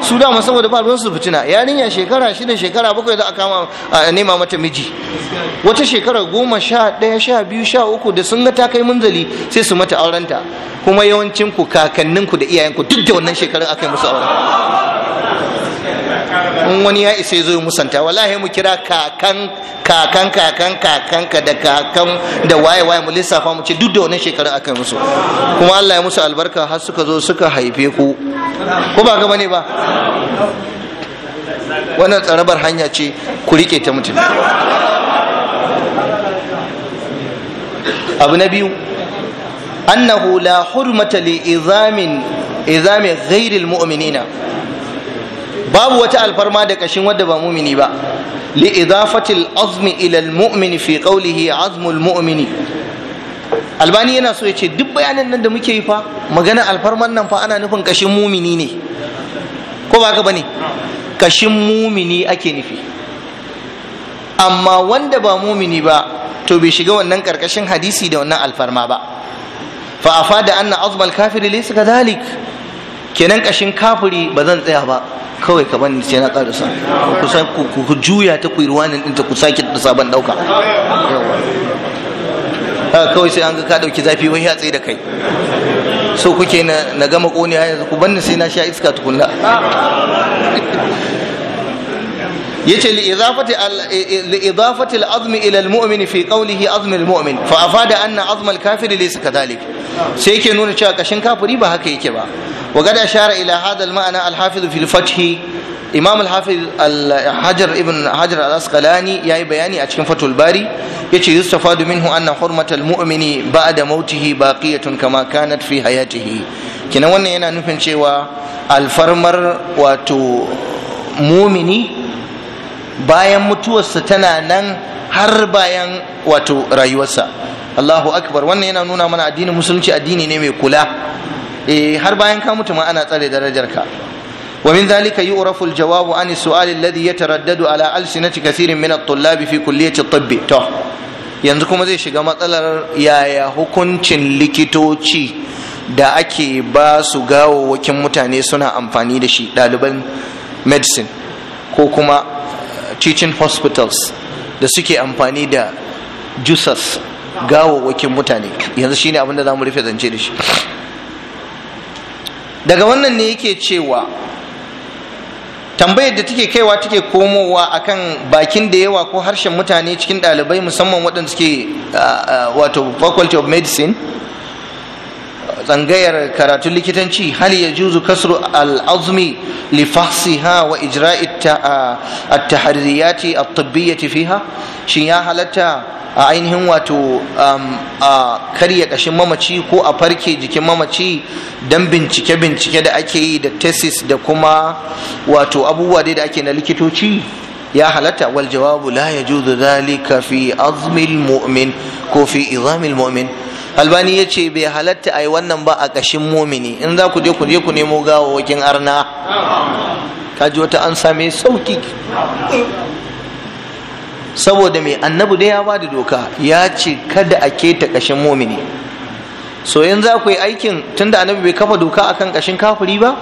su dama saboda ba su fitina yarinya shekara shida shekara bakwai za a kama a nema mata miji wata shekara goma sha ɗaya sha biyu sha uku da sun ga ta kai munzali sai su mata aurenta kuma yawancin ku kakannin da iyayenku duk da wannan shekarun aka yi musu aure. in wani ya isa zo musanta wallahi mu kira kakan kakan kakan kakan ka da kakan da waye waye mu lissafa mu ce duk da wannan shekaru aka yi musu kuma Allah ya musu albarka har suka zo suka haife ku ko ba ga bane ba wannan tsarabar hanya ce ku rike ta mutum abu na biyu annahu la hurmata li izamin izamin ghairil mu'minina babu wata alfarma da kashin wadda ba mumini ba li idafatil azmi ila al mu'mini fi qawlihi azmul mu'mini albani yana so ya ce duk bayanan nan da muke yi fa magana alfarman nan fa ana nufin kashin mumini ne ko ba ka bane kashin mumini ake nufi amma wanda ba mumini ba to bai shiga wannan karkashin hadisi da wannan alfarma ba fa afada anna azmal kafiri laysa kadhalik kenan kashin kafiri ba zan tsaya ba kawai ka bani sai na karasa ku san ku juya ta ku ruwanin din ta ku sake da sabon dauka kawai sai an ga ka dauki zafi wai ya tsaye da kai so kuke na gama koni yanzu ku banni sai na sha iska tukunna [laughs] yace li idafati li idafati al-azm ila al-mu'min fi qawlihi azm al-mu'min fa afada anna azm al-kafir laysa kadhalik sai yake nuna cewa kashin kafiri ba haka yake ba وقد أشار إلى هذا المعنى الحافظ في الفتح إمام الحافظ الحجر ابن حجر الأسقلاني يأي بياني أتكن فتح الباري يتي يستفاد منه أن حرمة المؤمن بعد موته باقية كما كانت في حياته كنا وانا ينا نفن شوى الفرمر واتو مؤمني bayan mutuwarsa tana nan har bayan wato rayuwarsa Allahu akbar wannan yana nuna mana addinin musulunci addini ne mai kula eh har bayan ka mutu ma ana tsare ka. wa min dhalika yu'rafu al-jawabu an as-su'al alladhi yataraddadu ala alsinati kathirin min at-tullab fi kulliyati at-tabb to yanzu kuma zai shiga matsalar yaya hukuncin likitoci da ake ba su gawawwakin mutane suna amfani da shi ɗaliban medicine ko kuma uh, teaching hospitals da suke amfani da jusas gawawwakin mutane yanzu shine abinda za mu rufe zance da shi daga wannan ne yake cewa tambayar da take kaiwa take komowa akan bakin da yawa ko harshen mutane cikin ɗalibai musamman waɗanda suke wato faculty of medicine tsangayar karatun likitanci hali ya juzu kasru al'azmi lifasiha wa ijra'i a tahriyati a fiha shi ya halatta a ainihin wato um, a karya kashin mamaci ko a farke jikin mamaci don bincike-bincike da ake yi da tesis da kuma wato abubuwa dai da ake na likitoci ya halatta wal jawabu la ya juzu zalika fi azmil mu'min ko fi izamil mu'min albani ya ce bai halatta a yi wannan ba a kashin mumini in za ku je ku je ku nemo wakin arna kaji wata an same sauki saboda mai annabu da ya ba da doka ya ce kada a keta kashin momini. so yin za ku yi aikin tunda annabi bai kafa doka akan kashin kafuri ba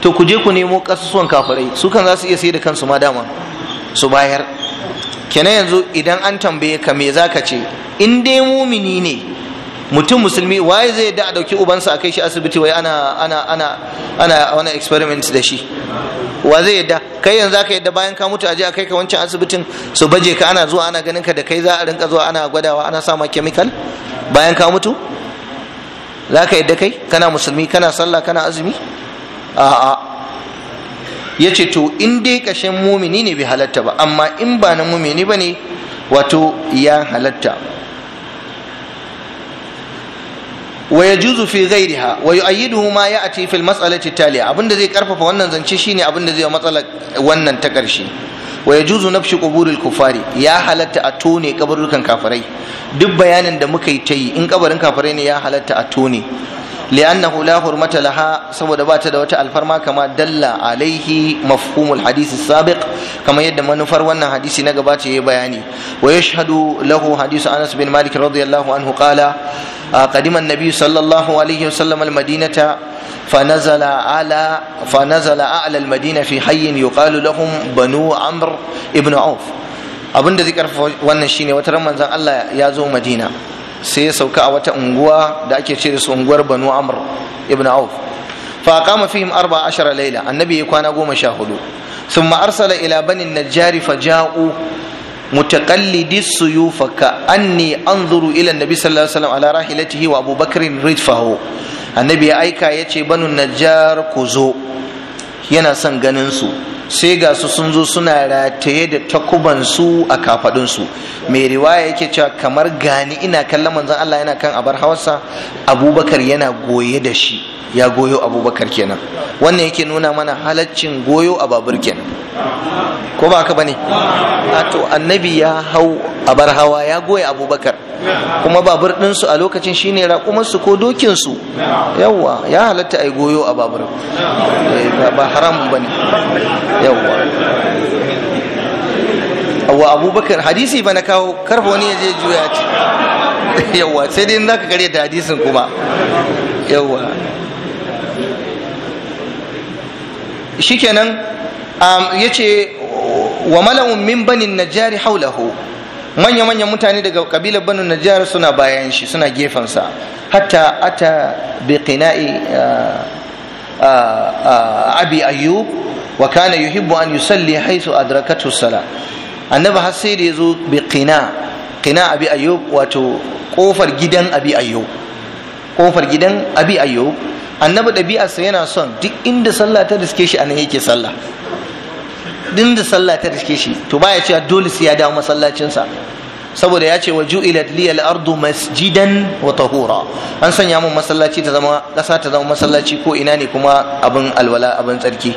to ku je ku nemo kasusuwan kafurai, su kan za su iya sai da kansu ma dama su bayar kenan yanzu idan an tambaye ka me za ka ce in dai momini ne mutum musulmi waye zai da a dauki ubansa a kai shi asibiti wai ana ana ana ana wani experiment da shi wa zai yadda kai yanzu aka yadda bayan ka mutu aje a kai ka wancan asibitin su baje ka ana zuwa ana ganin ka da kai za a rinka zuwa ana gwadawa ana sama chemical bayan ka mutu za ka yadda kai kana musulmi kana sallah kana azumi a'a a yace to in dai kashin mumini ne bai halatta ba amma in ba na mumini ba ne wato ya halatta wa yajuzu fi ghayriha wa yu'ayyiduhu ma ya'ti fil mas'alati taliya abinda zai karfafa wannan zance shine abinda zai matsala wannan ta karshe wa yajuzu nafshi quburil kufari ya halatta a tone kabarukan duk bayanin da muka yi ta yi in kabarin kafirai ne ya halatta a tone li'annahu la hurmata laha saboda bata da wata alfarma kama dalla alaihi mafhumul hadisi sabiq Kama yadda manufar wannan hadisi na gabata yayi bayani wa yashhadu lahu hadisu Anas bin Malik radiyallahu anhu qala قدم النبي صلى الله عليه وسلم المدينة فنزل على فنزل أعلى المدينة في حي يقال لهم بنو عمرو ابن عوف zai karfafa wannan shine wata manzon Allah ya zo Madina sai ya sauka a wata unguwa da ake ce da su unguwar Banu Amr ibn Auf fa qama fihim 14 laila annabi ya kwana 14 thumma arsala ila bani na fa ja'u متقلد السيوف كأني أنظر إلى النبي صلى الله عليه وسلم على راحلته وأبو بكر ردفه النبي أيكا يتي بنو النجار كوزو yana son ganin su sai ga su sun zo suna rataye da takubansu a kafadunsu mai riwaya yake cewa kamar gani ina kallon manzon Allah yana kan abar hawarsa abubakar yana goye da shi ya goyo abubakar kenan wannan yake nuna mana halaccin goyo a babur kenan ko ba ka bane to annabi ya hau abar hawa ya goya abubakar kuma babur ɗinsu a lokacin shine raƙumarsu ko dokinsu yawwa ya halatta a goyo a babur eh, ba haram bane yawwa wa abubakar hadisi ba na kawo karfa wani ya je juya ce [laughs] yawwa sai dai za ka gare da hadisin kuma yawwa shikenan um, ya ce wa malawun min banin najari haulahu manya-manyan mutane daga kabilar na jari suna bayan shi suna gefensa hatta ata bi qina'i uh, abi ayyub wa kana yuhibbu an yusalli haythu adrakatu sala annabi har sai da bi qina qina abi ayyub wato kofar gidan abi ayyub kofar gidan abi ayyub annabi ɗabi'arsa yana son duk inda sallah ta riske shi anan yake sallah duk inda sallah ta riske shi to baya cewa dole sai ya dawo masallacinsa saboda ya ce wa ju'ilat liyal ardu masjidan wa tahura an sanya min masallaci ta zama kasa ta zama masallaci ko ina ne kuma abin alwala abin tsarki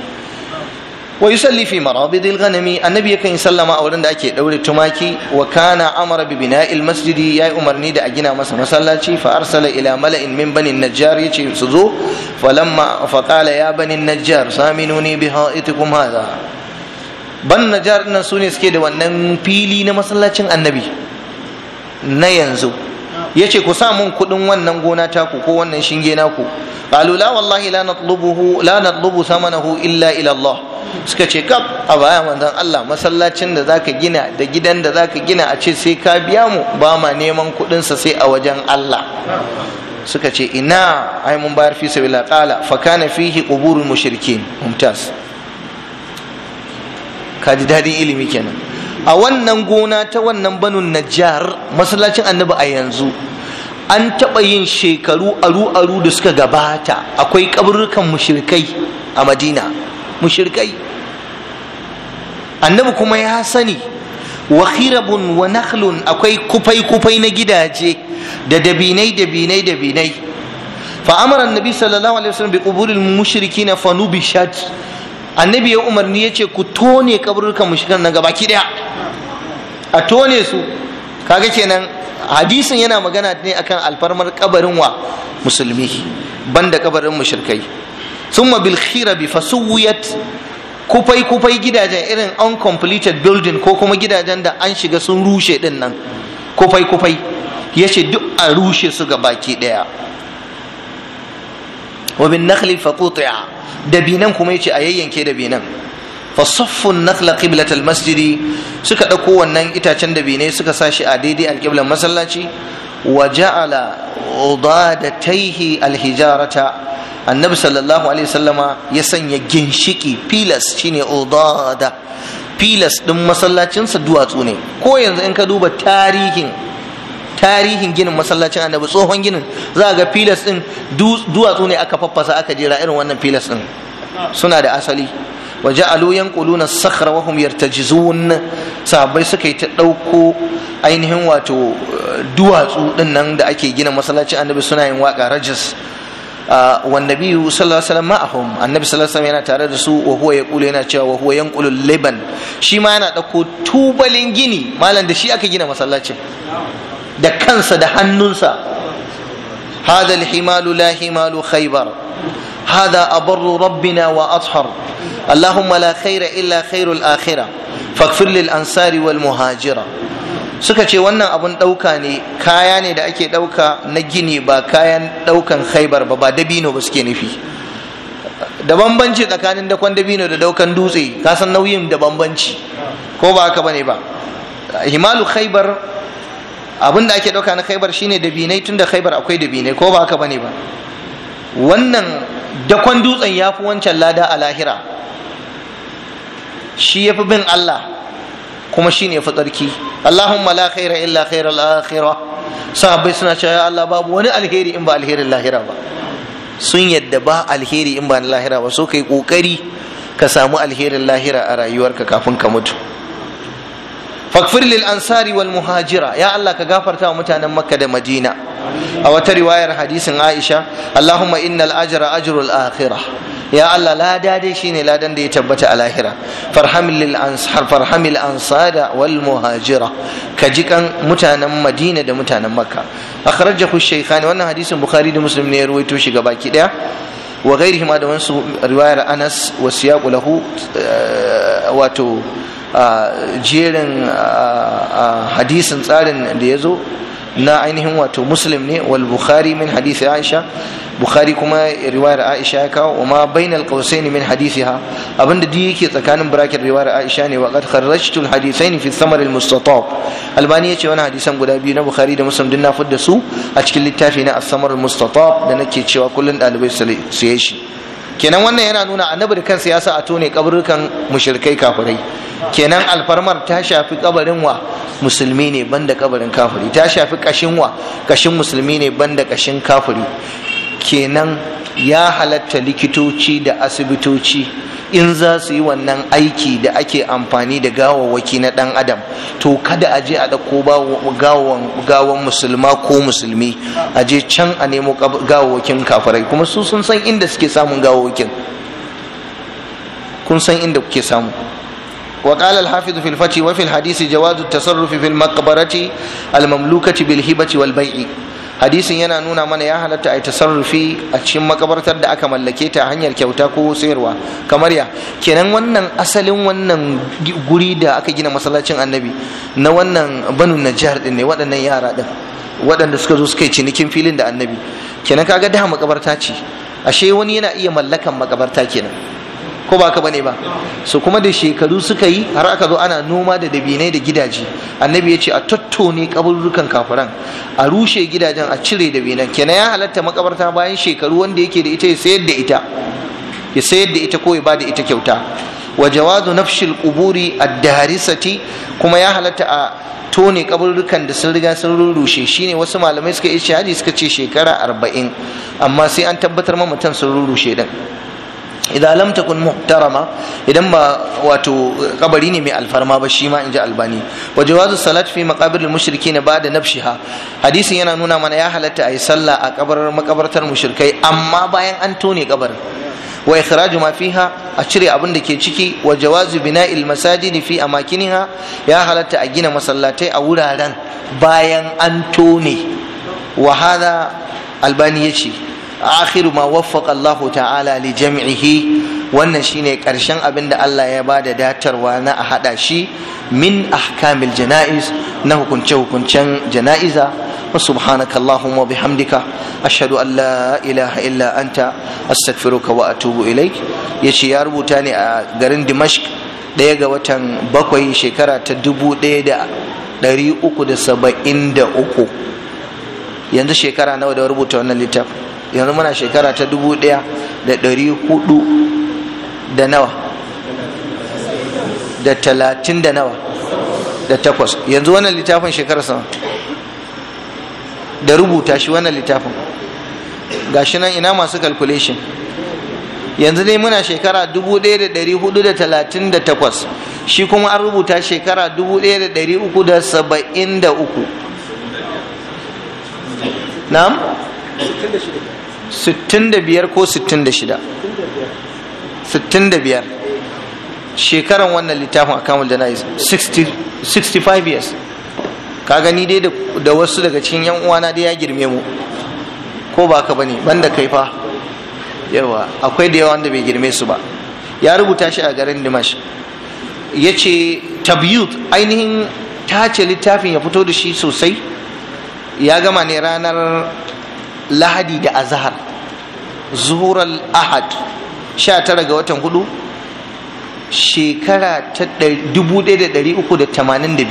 wa yusalli fi marabidil ghanami annabi yakan yi sallama a wurin da ake daure tumaki wa kana amara bi bina'il masjidi yayi umarni da a gina masa masallaci fa arsala ila mala'in min bani najjar yace su zo falamma fa qala ya bani najjar saminuni bi ha'itikum hadha ban najar nan su ne suke da wannan fili na masallacin annabi na yanzu ya ce ku sa mun kuɗin wannan gona taku ko wannan shinge naku qalu wallahi la natlubuhu natlubu samanahu illa ilallah suka ce kaf a baya wanzan Allah masallacin da zaka gina da gidan da zaka gina a ce sai ka biya mu ba ma neman kuɗin sai a wajen Allah suka ce ina ai mun bayar fi sabila qala fa kana fihi quburul mushrikin mumtaz ka ji daɗin ilimi kenan a wannan gona ta wannan banun najjar masallacin annabi a yanzu an taɓa yin shekaru aru-aru da suka gabata akwai kaburukan mushirkai a madina mushirkai annabi kuma ya sani wa khirabun wa nakhlun akwai kufai-kufai na gidaje da dabinai dabinai dabinai fa amara annabi sallallahu alaihi wasallam bi quburil mushrikin fa nubishat annabi ya umarni ya ce ku tone kaburrukan mushrikan nan gabaki daya a tone su kaga kenan hadisin yana magana ne akan alfarmar kabarin wa musulmi banda kabarin mushrikai summa bil khira bi fasuwiyat kufai kufai gidajen irin uncompleted building ko kuma gidajen da an shiga sun rushe din nan kufai kufai yace duk a rushe su gabaki daya wa bin nakhlin fa quti'a dabinan kuma yace a yayyanke dabinan fa saffu an-nakhla masjid suka dauko wannan itacen dabinai suka sashi a daidai alqiblan masallaci wa ja'ala udadatayhi al-hijarata annabi sallallahu alaihi wasallama ya sanya ginshiki pilas shine udada pilas din masallacinsa duwatsu ne ko yanzu in ka duba tarihin tarihin ginin masallacin annabi tsohon ginin za ga filas din duwatsu ne aka faffasa aka jera irin wannan filas din suna da asali wa ja'alu yanquluna na sakhra wa hum yartajizun sahabbai suka yi ta dauko ainihin wato eh, duwatsu din nan da ake gina masallacin annabi suna yin waka rajis والنبي صلى الله عليه وسلم معهم النبي صلى الله yana tare da su wa huwa yaqulu yana cewa wa huwa yanqulu liban shi ma yana dauko tubalin gini malam da shi aka gina masallacin da kansa da hannunsa هذا الحمال لا حمال خيبر هذا أبر ربنا وأطهر اللهم لا خير إلا خير الآخرة فاغفر للأنصار والمهاجرة suka ce wannan abun ɗauka ne kaya ne da ake ɗauka na gini ba kayan daukan khaibar ba ba dabino ba suke nufi da bambanci tsakanin dakon dabino da daukan dutse kasan nauyin da bambanci ko ba haka bane ba himalu khaibar abin da ake ɗauka na khaibar shine dabinai tun da khaibar akwai dabinai ko ba haka bane ba wannan dakon dutsen ya fi wancan lada a lahira shi ya fi bin Allah kuma shi ne fi tsarki Allahumma la khaira illa khaira al sahabbai suna cewa ya Allah babu wani alheri in ba alherin lahira ba sun yadda ba alheri in ba na lahira ba so ka yi kokari ka samu alherin lahira a rayuwarka kafin ka mutu faghfir lil ansari wal muhajira ya Allah ka gafarta wa mutanen makka da madina a wata riwayar hadisin aisha allahumma innal ajra ajrul akhirah ya Allah lada dai shine ladan da ya tabbata a lahira farhamil ansar farhamil ansada wal muhajira ka ji kan mutanen madina da mutanen makka akhrajahu ne. wannan hadisin bukhari da muslim ne ya ruwaito shi gabaki daya wa ma da wasu riwayar anas wa siyaqu lahu eh, wato jerin hadisin tsarin da ya zo na ainihin wato muslim ne wal bukhari min hadisi aisha bukhari kuma riwayar aisha ya kawo ma bainal qausaini min hadisiha abinda duk yake tsakanin bracket riwayar aisha ne wa qad kharrajtu al hadithain fi samar al mustatab albani yace wani hadisan guda biyu na bukhari da muslim din na fudda su a cikin littafi na as-samar al mustatab da nake cewa kullun dalibai su yi shi kenan wannan yana nuna annabi da kansa ya sa a tone kaburukan mushrikai kafirai kenan alfarmar ta shafi kabarin wa musulmi ne banda kabarin kafiri ta shafi kashin wa kashin musulmi ne banda kashin kafiri kenan ya halatta likitoci da asibitoci in za su yi wannan aiki da ake amfani da gawawwaki na ɗan adam to kada a je a ɗauko gawan musulma ko musulmi a je can a nemo gawawwakin kafirai kuma su sun san inda suke samun gawawwakin kun san inda kuke samu وقال الحافظ في الفتي وفي الحديث جواز التصرف في المقبرة المملوكة بالهبة والبيع hadisin yana nuna mana ya halatta a yi tasarrufi a cikin makabartar da aka mallake ta hanyar kyauta ko sayarwa kamar ya kenan wannan asalin wannan guri da aka gina masallacin annabi na wannan banu jihar din ne waɗannan yara din waɗanda suka zo suka yi cinikin filin da annabi kenan kaga daha makabarta ce ashe wani yana iya mallakan makabarta kenan ko ba ka bane ba su kuma da shekaru suka yi har aka zo ana noma da dabinai da gidaje annabi ya ce a tattone kaburrukan kafiran a rushe gidajen a cire dabinan kenan ya halatta makabarta bayan shekaru wanda yake da ita ya sayar da ita ya sayar da ita ko ya bada ita kyauta wa jawazu nafshil quburi ad-darisati kuma ya halatta a tone kaburrukan da sun riga sun rurrushe shine wasu malamai suka yi shahadi suka ce shekara 40 amma sai an tabbatar mamatan sun rurrushe din idan lam takun muhtarama idan ba wato kabari ne mai alfarma ba shi ma ji albani wa jawazu salat fi maqabir al mushrikin ba'da nafshiha hadisin yana nuna mana ya halatta yi sallah a kabarar makabartar mushrikai amma bayan an tone kabar wa ikhraju ma fiha a cire abin da ke ciki wa jawazu bina'il masajidi fi amakiniha ya halatta a gina masallatai a wuraren bayan an tone wa hada albani yace akhiru ma waffaqa Allah ta'ala li jam'ihi wannan shine karshen abin da Allah ya bada datarwa na a hada shi min ahkamil janaiz na hukunce hukuncen janaiza wa subhanaka allahumma bihamdika ashhadu an la ilaha illa anta astaghfiruka wa atubu ilaik yace ya rubuta ne a garin Dimashq daya ga watan bakwai shekara ta dubu ɗaya da ɗari uku da saba'in da uku yanzu shekara nawa da rubuta wannan littafin yanzu muna shekara ta dubu ɗaya da ɗari hudu da nawa da talatin da nawa da takwas yanzu wannan littafin shekarar sama da rubuta shi wannan littafin Ga shi nan ina masu calculation yanzu ne muna shekara dubu ɗaya da da da ɗari talatin takwas, shi kuma an rubuta shekara dubu ɗaya da da ɗari uku saba'in uku na'am 65 ko 66 65 shekaran wannan littafin akamul jana'iz 65 years ka gani dai da wasu daga cikin yan uwana dai ya girme mu ko ba ka bane banda kai fa yawa akwai da yawa wanda bai girme su ba ya rubuta shi a garin dimash ya ce tabyut ainihin tace littafin ya fito da shi sosai ya gama ne ranar lahadi da Azahar, zuhural ahad 19 ga watan hudu shekara ta 1382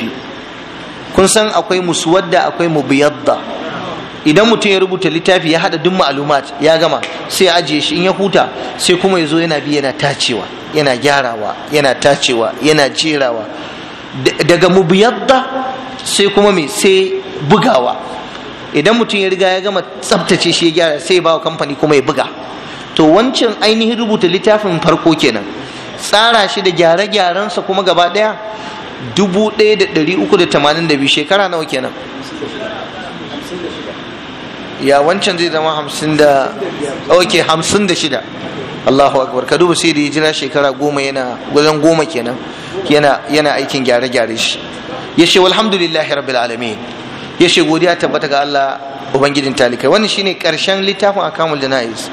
kun san akwai muswadda akwai mubiyadda idan mutum ya rubuta littafi ya hada duk alumat ya gama sai ya ajiye shi in ya huta sai kuma ya zo yana bi yana tacewa yana gyarawa yana tacewa yana jerawa daga mubiyadda sai kuma mai sai bugawa idan mutum ya riga ya gama tsabtace shi ya gyara sai ba wa kamfani kuma ya buga to wancan ainihin rubuta littafin farko kenan tsara shi da gyare-gyarensa kuma gaba daya dubu ɗaya da ɗari uku da tamanin da biyu shekara nawa kenan ya wancan zai zama hamsin da ok hamsin da shida allahu akbar ka duba sai da ya jira shekara goma yana gudan goma kenan yana aikin gyare-gyare shi ya ce walhamdulillahi rabbil alamin ya ce godiya tabbata ga Allah ubangijin talikai wannan shine karshen littafin akamul jana'is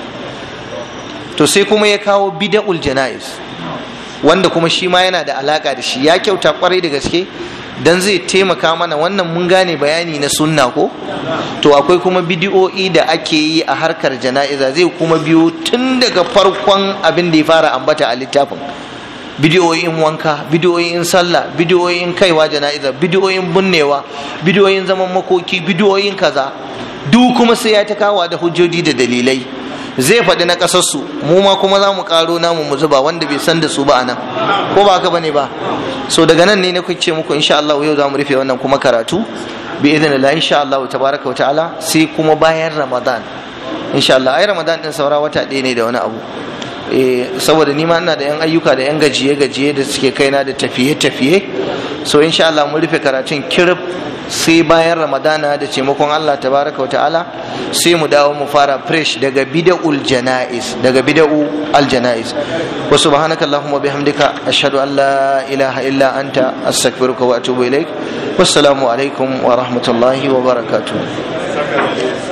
to sai kuma ya kawo bida'ul jana'is wanda kuma shi ma yana da alaka da shi ya kyauta kwarai da gaske dan zai taimaka mana wannan mun gane bayani na sunna ko to akwai kuma bidiyo'i da ake yi a harkar jana'iza zai kuma biyo tun daga farkon abin da ya fara ambata a littafin bidiyoyin wanka bidiyoyin sallah bidiyoyin kaiwa jana'iza bidiyoyin bunnewa bidiyoyin zaman makoki bidiyoyin kaza duk kuma sai ya ta kawa da hujjoji da dalilai zai faɗi na ƙasarsu mu ma kuma za mu ƙaro namu mu zuba wanda bai san da su ba nan. ko ba ka bane ba so daga nan ne na ce muku insha Allah yau za mu rufe wannan kuma karatu bi idinillah insha Allah tabaraka wa ta'ala sai kuma bayan Ramadan insha Allah ai Ramadan din saura wata ɗaya ne da wani abu Eh, saboda nima ina da yan ayyuka da yan gajiye gajiye da suke kaina da tafiye tafiye so insha Allah mun rufe karatun kirif sai bayan ramadana da taimakon Allah tabaraka ta'ala sai mu dawo mu fara fresh daga bida'ul janais daga bida'u al janais wa subhanaka allahumma bihamdika ashhadu an la ilaha illa anta astaghfiruka wa atubu ilaik wassalamu alaikum wa rahmatullahi wa barakatuh